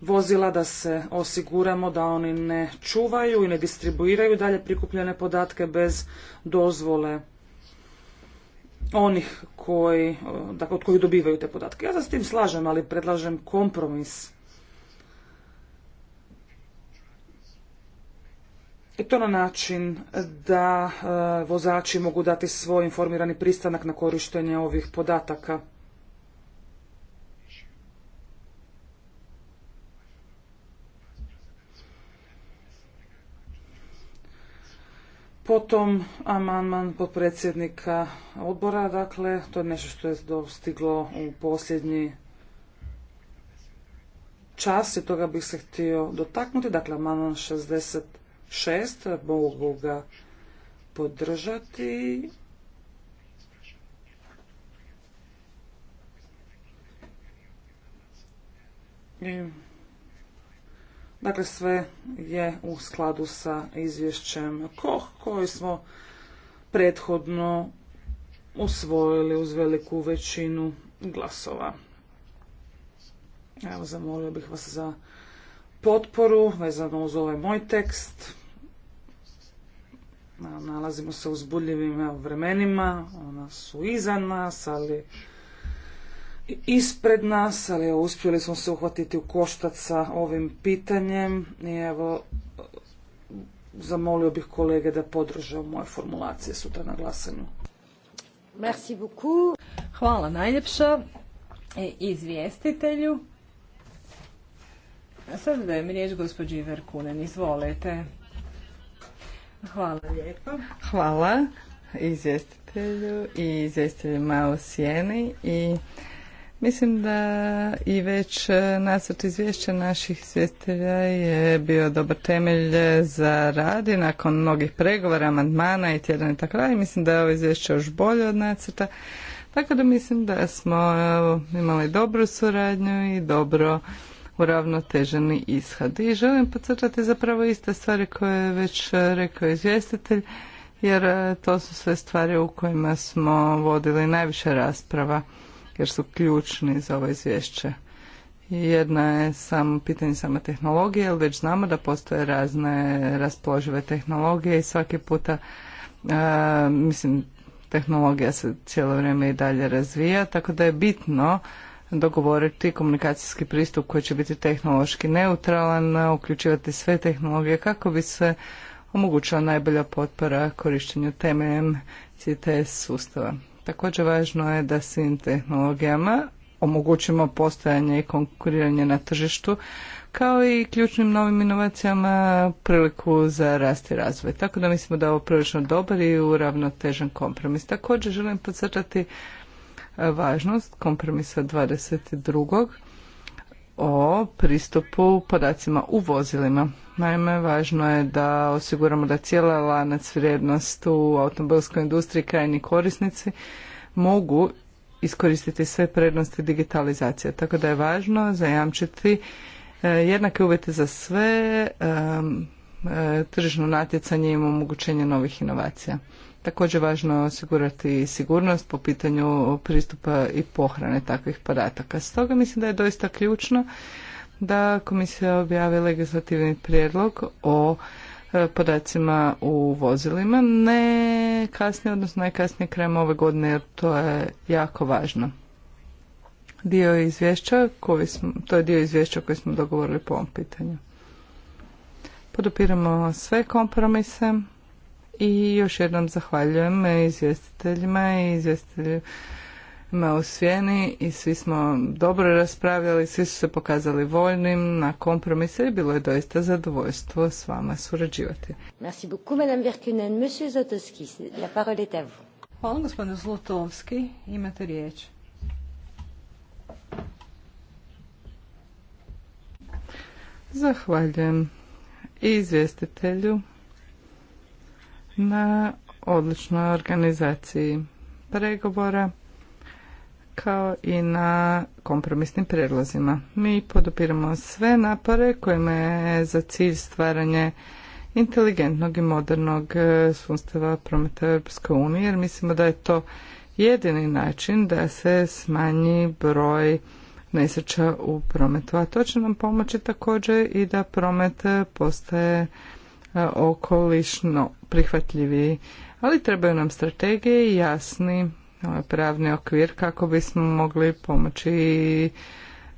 vozila, da se osiguramo da oni ne čuvaju i ne distribuiraju dalje prikupljene podatke bez dozvole onih koji, dakle, od kojih dobivaju te podatke. Ja se s tim slažem, ali predlažem kompromis i to na način da e, vozači mogu dati svoj informirani pristanak na korištenje ovih podataka. Potom amandman podpredsjednika odbora, dakle, to je nešto što je dostiglo u posljednji čas i toga bih se htio dotaknuti, dakle, amandman 60 šest mogu ga podržati. I, dakle, sve je u skladu sa izvješćem KOH koji smo prethodno usvojili uz veliku većinu glasova. Evo, zamolio bih vas za potporu vezano uz ovaj moj tekst. Nalazimo se u zbudljivim vremenima, ona su iza nas, ali ispred nas, ali uspjeli smo se uhvatiti u koštac sa ovim pitanjem i evo, zamolio bih kolege da podrže moje formulacije sutra na glasanju. Merci beaucoup. Hvala najljepša izvjestitelju. Sad dajem riječ gospođi Verkunen, izvolite. Hvala lijepo. Hvala izvjestitelju i izvjestitelju Malo sjeni i Mislim da i već nacrt izvješća naših izvjestitelja je bio dobar temelj za rad i nakon mnogih pregovora, amandmana i tjedan i tako dalje. Mislim da je ovo izvješće još bolje od nacrta. Tako da mislim da smo imali dobru suradnju i dobro uravnoteženi ishod. I želim podcrtati zapravo iste stvari koje je već rekao izvjestitelj, jer e, to su sve stvari u kojima smo vodili najviše rasprava, jer su ključni za ovo izvješće. Jedna je samo pitanje sama tehnologije, jer već znamo da postoje razne raspoložive tehnologije i svaki puta, e, mislim, tehnologija se cijelo vrijeme i dalje razvija, tako da je bitno dogovoriti komunikacijski pristup koji će biti tehnološki neutralan, uključivati sve tehnologije kako bi se omogućila najbolja potpora korištenju temeljem CTS sustava. Također važno je da svim tehnologijama omogućimo postojanje i konkuriranje na tržištu kao i ključnim novim inovacijama priliku za rast i razvoj. Tako da mislimo da je ovo prilično dobar i uravnotežen kompromis. Također želim podcrtati važnost kompromisa 22 o pristupu podacima u vozilima. Naime, važno je da osiguramo da cijela lanac vrijednost u automobilskoj industriji krajni korisnici mogu iskoristiti sve prednosti digitalizacije. Tako da je važno zajamčiti eh, jednake uvjete za sve eh, eh, tržišno natjecanje i omogućenje novih inovacija. Također važno osigurati sigurnost po pitanju pristupa i pohrane takvih podataka. Stoga mislim da je doista ključno da komisija objavi legislativni prijedlog o e, podacima u vozilima ne kasnije, odnosno najkasnije krajem ove godine, jer to je jako važno. Dio izvješća koji smo, to je dio izvješća koji smo dogovorili po ovom pitanju. Podupiramo sve kompromise i još jednom zahvaljujem izvjestiteljima i izvjestiteljima u Svijeni i svi smo dobro raspravljali, svi su se pokazali voljnim na kompromise i bilo je doista zadovoljstvo s vama surađivati. Merci beaucoup, Madame Monsieur la parole est à vous. Hvala, gospodine Zlotovski. Imate riječ. Zahvaljujem izvjestitelju na odličnoj organizaciji pregovora kao i na kompromisnim prijedlozima. Mi podupiramo sve napore kojima je za cilj stvaranje inteligentnog i modernog e, sustava prometa Europske unije jer mislimo da je to jedini način da se smanji broj nesreća u prometu. A to će nam pomoći također i da promet postaje okolišno prihvatljiviji, ali trebaju nam strategije i jasni pravni okvir kako bismo mogli pomoći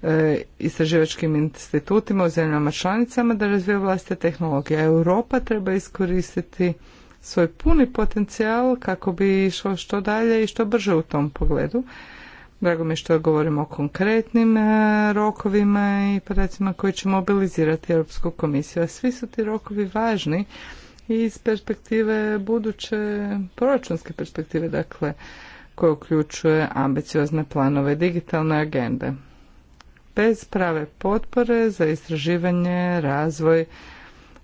e, istraživačkim institutima u zemljama članicama da razvije vlastite tehnologije. Europa treba iskoristiti svoj puni potencijal kako bi išlo što dalje i što brže u tom pogledu. Drago mi je što govorimo o konkretnim e, rokovima i podacima koji će mobilizirati Europsku komisiju. A svi su ti rokovi važni iz perspektive buduće proračunske perspektive, dakle, koje uključuje ambiciozne planove digitalne agende. Bez prave potpore za istraživanje, razvoj,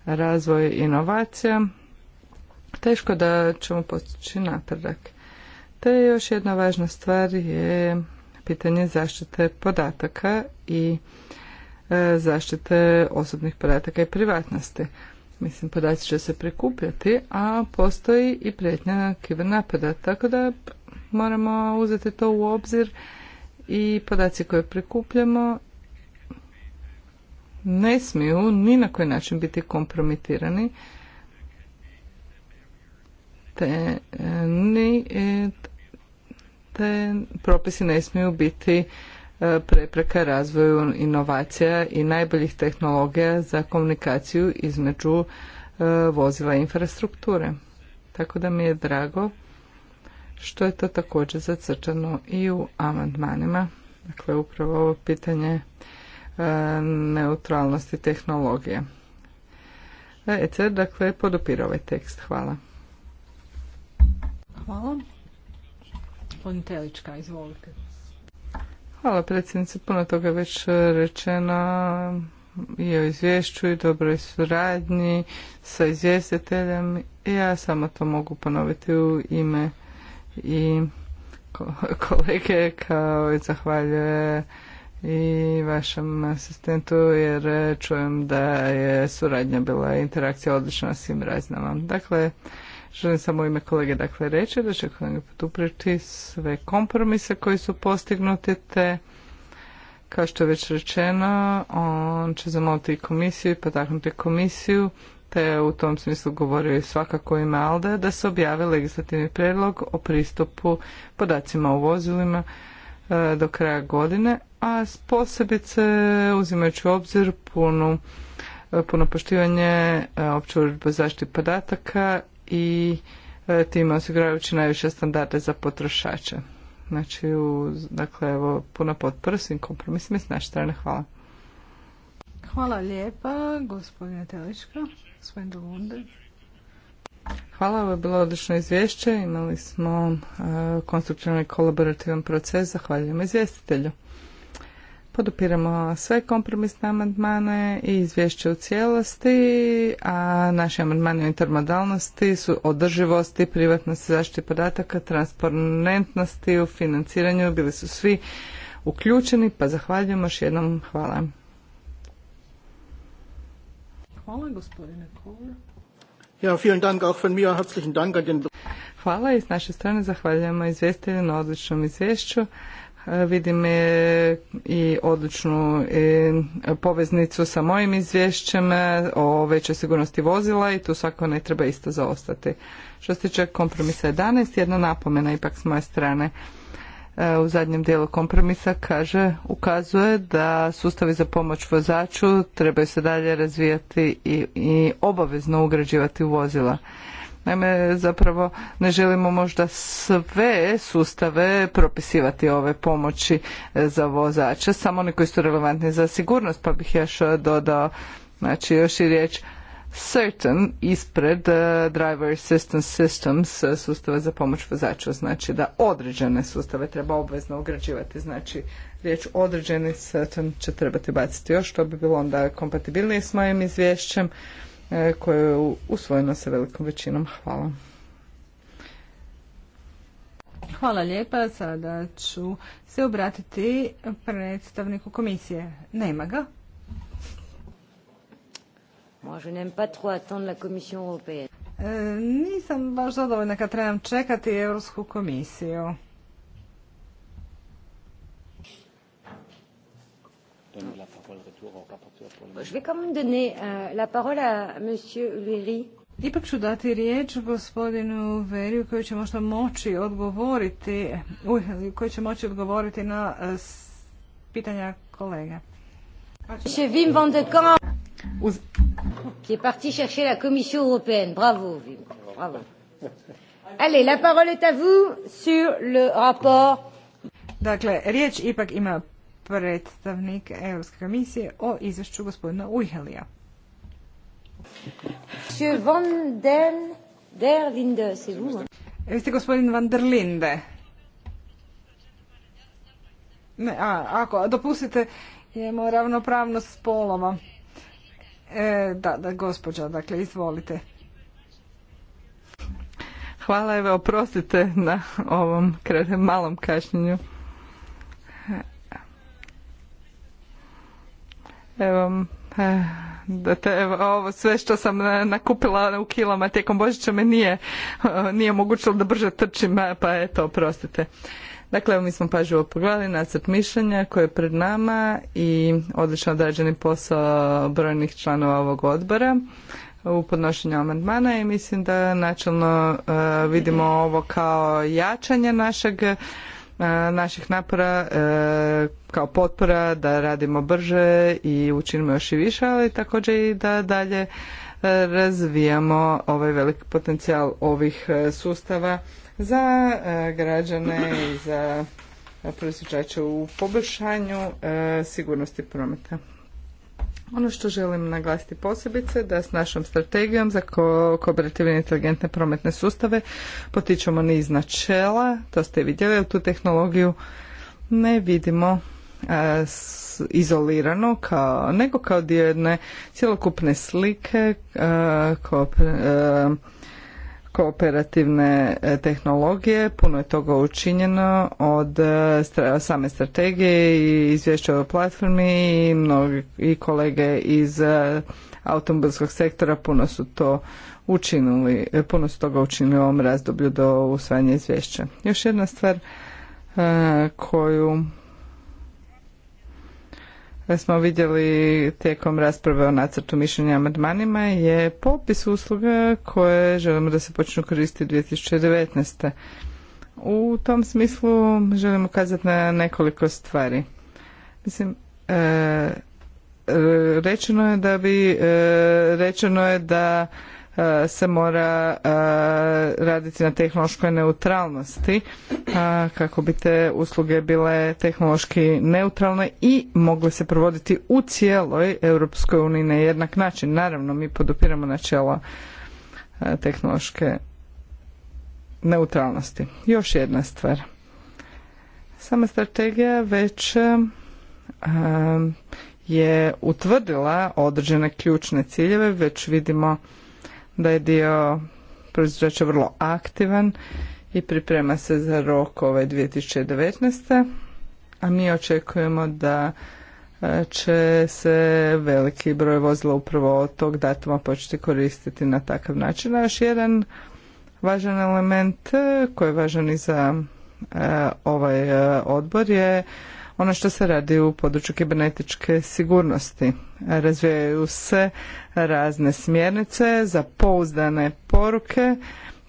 razvoj inovacija, teško da ćemo postići napredak. Te još jedna važna stvar je pitanje zaštite podataka i e, zaštite osobnih podataka i privatnosti. Mislim, podaci će se prikupljati, a postoji i prijetnja napada tako da moramo uzeti to u obzir i podaci koje prikupljamo ne smiju ni na koji način biti kompromitirani te, ni, e, te propisi ne smiju biti e, prepreka razvoju inovacija i najboljih tehnologija za komunikaciju između e, vozila i infrastrukture. Tako da mi je drago što je to također zacrčano i u amandmanima. Dakle, upravo ovo pitanje neutralnosti tehnologije. ECR, dakle, podupira ovaj tekst. Hvala. Hvala. Gospodin Telička, izvolite. Hvala predsjednice, puno toga već e, rečeno i o izvješću i dobroj suradnji sa izvjestiteljem. Ja samo to mogu ponoviti u ime i kolege kao i zahvaljuje i vašem asistentu jer e, čujem da je suradnja bila interakcija odlična na svim razinama. Dakle, Želim samo u ime kolege dakle reći da će kolega potupriti sve kompromise koji su postignuti te kao što je već rečeno on će zamoliti komisiju i potaknuti komisiju te u tom smislu govorio i svakako ime Alde da se objavi legislativni predlog o pristupu podacima u vozilima e, do kraja godine, a posebice uzimajući u obzir punu e, puno poštivanje e, opće uredbe zaštiti podataka i e, time osiguravajući najviše standarde za potrošače. Znači, u, dakle, evo, puno potpora svim kompromisima s naše strane. Hvala. Hvala lijepa, gospodine Telička, gospodin Hvala, ovo je bilo odlično izvješće. Imali smo e, konstruktivni kolaborativan proces. Zahvaljujem izvjestitelju. Podupiramo sve kompromisne amandmane i izvješće u cijelosti, a naši amandmani o intermodalnosti su održivosti, privatnosti, zaštiti podataka, transparentnosti u financiranju, bili su svi uključeni, pa zahvaljujemo još jednom. Hvala. Hvala gospodine Hvala i s naše strane zahvaljujemo izvjestitelju na odličnom izvješću. E, vidim e, i odličnu e, poveznicu sa mojim izvješćem o većoj sigurnosti vozila i tu svako ne treba isto zaostati. Što se tiče kompromisa 11, jedna napomena ipak s moje strane u zadnjem dijelu kompromisa kaže, ukazuje da sustavi za pomoć vozaču trebaju se dalje razvijati i, i obavezno ugrađivati u vozila. Naime, zapravo ne želimo možda sve sustave propisivati ove pomoći e, za vozače, samo oni koji su relevantni za sigurnost, pa bih još e, dodao, znači još i riječ certain ispred e, driver assistance systems uh, sustava za pomoć vozaču znači da određene sustave treba obvezno ugrađivati znači riječ određeni certain će trebati baciti još što bi bilo onda kompatibilnije s mojim izvješćem koje je usvojeno sa velikom većinom. Hvala. Hvala lijepa. Sada ću se obratiti predstavniku komisije. Nema ga. E, nisam baš zadovoljna kad trebam čekati Europsku komisiju. Je vais quand même donner uh, la parole à monsieur Lurie. Ipak ću dati riječ gospodinu Veriju koji će možda moći odgovoriti, uj, koji će moći odgovoriti na uh, pitanja kolega. Monsieur Wim van de Kamp, Uz... qui est parti chercher la Commission européenne. Bravo, Wim. Bravo. Allez, la parole est à vous sur le rapport. Dakle, riječ ipak ima predstavnik Europske komisije o izvješću gospodina Ujhelija. Van der Linde, e, ste gospodin Van der Linde. Ne, a, ako dopustite, imamo ravnopravnost spolova. E, da, da, gospođa, dakle, izvolite. Hvala, evo, oprostite na ovom malom kašnjenju. Evo, da eh, te, ovo sve što sam eh, nakupila u kilama tijekom Božića me nije, eh, nije omogućilo da brže trčim, pa eto, oprostite. Dakle, evo mi smo pažljivo pogledali nacrt mišljenja koje je pred nama i odlično odrađeni posao brojnih članova ovog odbora u podnošenju amandmana i mislim da načelno vidimo ovo kao jačanje našeg E, naših napora e, kao potpora da radimo brže i učinimo još i više, ali također i da dalje e, razvijamo ovaj veliki potencijal ovih sustava za građane i za proizvođače u poboljšanju sigurnosti prometa. Ono što želim naglasiti posebice da s našom strategijom za ko kooperativne inteligentne prometne sustave potičemo niz načela, to ste vidjeli, jer tu tehnologiju ne vidimo e, s, izolirano kao, nego kao dio jedne cjelokupne slike e, e kooperativne e, tehnologije. Puno je toga učinjeno od e, same strategije i izvješća o platformi i, mnogi, i kolege iz e, automobilskog sektora puno su to učinili, puno su toga učinili u ovom razdoblju do usvajanja izvješća. Još jedna stvar koju E, smo vidjeli tijekom rasprave o nacrtu mišljenja amandmanima je popis usluga koje želimo da se počnu koristiti 2019. U tom smislu želimo kazati na nekoliko stvari. Mislim, e, e, rečeno je da bi e, rečeno je da E, se mora e, raditi na tehnološkoj neutralnosti e, kako bi te usluge bile tehnološki neutralne i mogle se provoditi u cijeloj Europskoj uniji na jednak način. Naravno, mi podupiramo načelo tehnološke neutralnosti. Još jedna stvar. Sama strategija već je utvrdila određene ključne ciljeve, već vidimo da je dio proizvođača vrlo aktivan i priprema se za rok ovaj 2019. A mi očekujemo da e, će se veliki broj vozila upravo od tog datuma početi koristiti na takav način. A još jedan važan element e, koji je važan i za e, ovaj odbor je ono što se radi u području kibernetičke sigurnosti. Razvijaju se razne smjernice za pouzdane poruke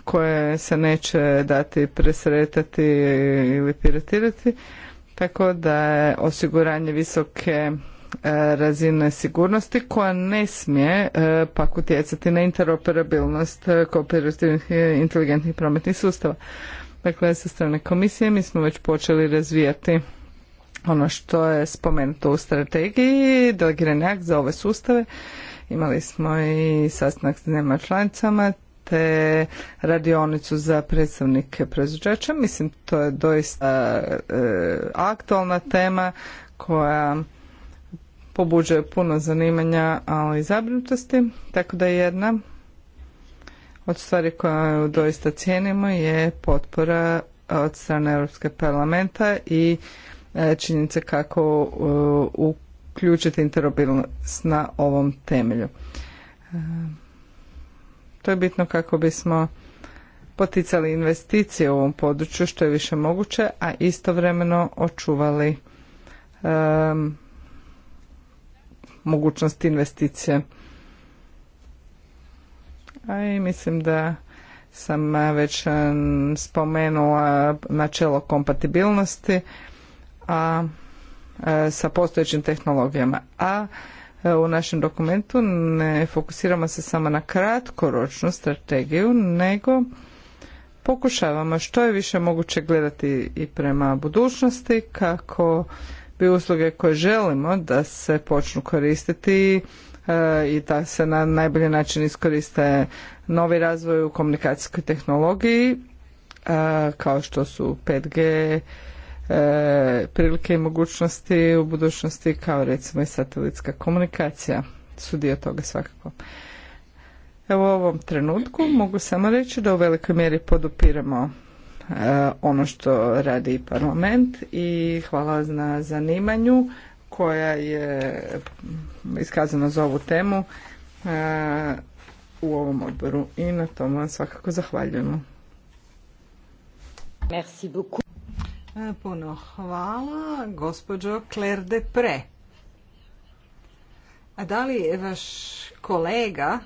koje se neće dati presretati ili piratirati, tako da je osiguranje visoke e, razine sigurnosti koja ne smije e, pak utjecati na interoperabilnost e, kooperativnih inteligentnih prometnih sustava. Dakle, sa strane komisije mi smo već počeli razvijati ono što je spomenuto u strategiji, delegirani akt za ove sustave. Imali smo i sastanak s dnevima članicama, te radionicu za predstavnike proizvođača. Mislim, to je doista e, aktualna tema koja pobuđuje puno zanimanja, ali i zabrinutosti. Tako da jedna od stvari koju doista cijenimo je potpora od strane Europske parlamenta i E, činjenice kako e, uključiti interoperabilnost na ovom temelju. E, to je bitno kako bismo poticali investicije u ovom području što je više moguće, a istovremeno očuvali mogućnost investicije. A i mislim da sam već spomenula načelo kompatibilnosti a e, sa postojećim tehnologijama. A e, u našem dokumentu ne fokusiramo se samo na kratkoročnu strategiju, nego pokušavamo što je više moguće gledati i prema budućnosti kako bi usluge koje želimo da se počnu koristiti e, i da se na najbolji način iskoriste novi razvoj u komunikacijskoj tehnologiji kao što su 5G, E, prilike i mogućnosti u budućnosti kao recimo i satelitska komunikacija su dio toga svakako. Evo u ovom trenutku mogu samo reći da u velikoj mjeri podupiramo e, ono što radi parlament i hvala na zanimanju koja je iskazana za ovu temu e, u ovom odboru i na tom vam svakako zahvaljujemo. Merci beaucoup. E, puno hvala, gospođo Claire de Pre. A da li vaš kolega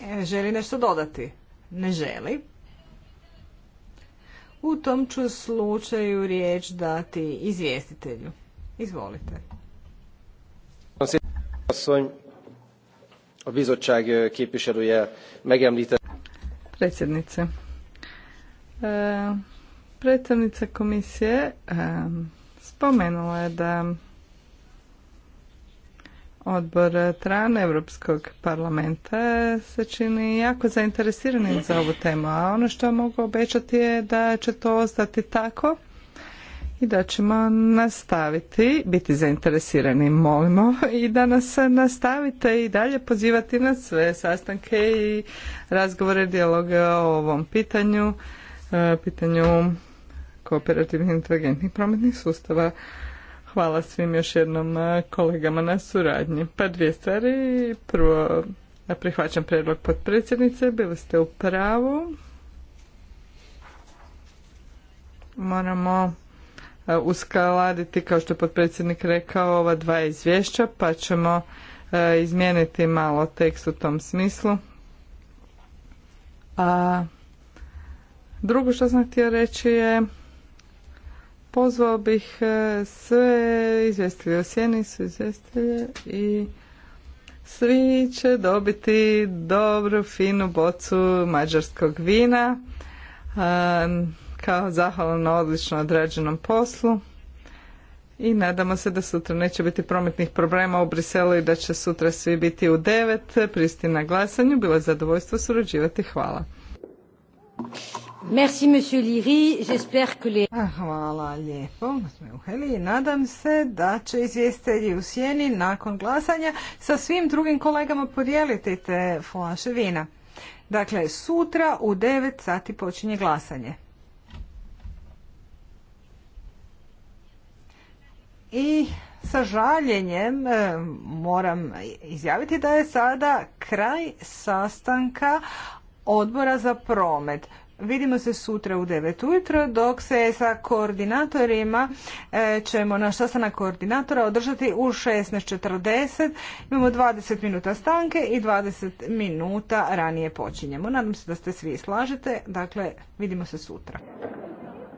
e, želi nešto dodati? Ne želi. U tom ću slučaju riječ dati izvjestitelju. Izvolite. Predsjednice, e, Predstavnica komisije spomenula je da odbor TRAN Europskog parlamenta se čini jako zainteresiranim za ovu temu, a ono što mogu obećati je da će to ostati tako i da ćemo nastaviti biti zainteresirani, molimo, i da nas nastavite i dalje pozivati na sve sastanke i razgovore, dijaloge o ovom pitanju, e, pitanju kooperativnih inteligentnih prometnih sustava. Hvala svim još jednom e, kolegama na suradnji. Pa dvije stvari. Prvo, ja prihvaćam predlog potpredsjednice. Bili ste u pravu. Moramo e, uskaladiti, kao što je potpredsjednik rekao, ova dva izvješća, pa ćemo e, izmijeniti malo tekst u tom smislu. A drugo što sam htio reći je pozvao bih e, sve izvjestitelje o sjeni su izvjestitelje i svi će dobiti dobru finu bocu mađarskog vina e, kao zahvalno na odlično odrađenom poslu i nadamo se da sutra neće biti prometnih problema u Briselu i da će sutra svi biti u devet Pristi na glasanju. Bilo je zadovoljstvo surađivati. Hvala. Merci, monsieur J'espère que les... Ah, hvala lijepo, Nadam se da će izvjestitelji u sjeni nakon glasanja sa svim drugim kolegama podijeliti te flaše vina. Dakle, sutra u 9 sati počinje glasanje. I sa žaljenjem e, moram izjaviti da je sada kraj sastanka odbora za promet. Vidimo se sutra u 9 ujutro dok se sa koordinatorima e, ćemo naš sastanak koordinatora održati u 16.40. Imamo 20 minuta stanke i 20 minuta ranije počinjemo. Nadam se da ste svi slažete. Dakle, vidimo se sutra.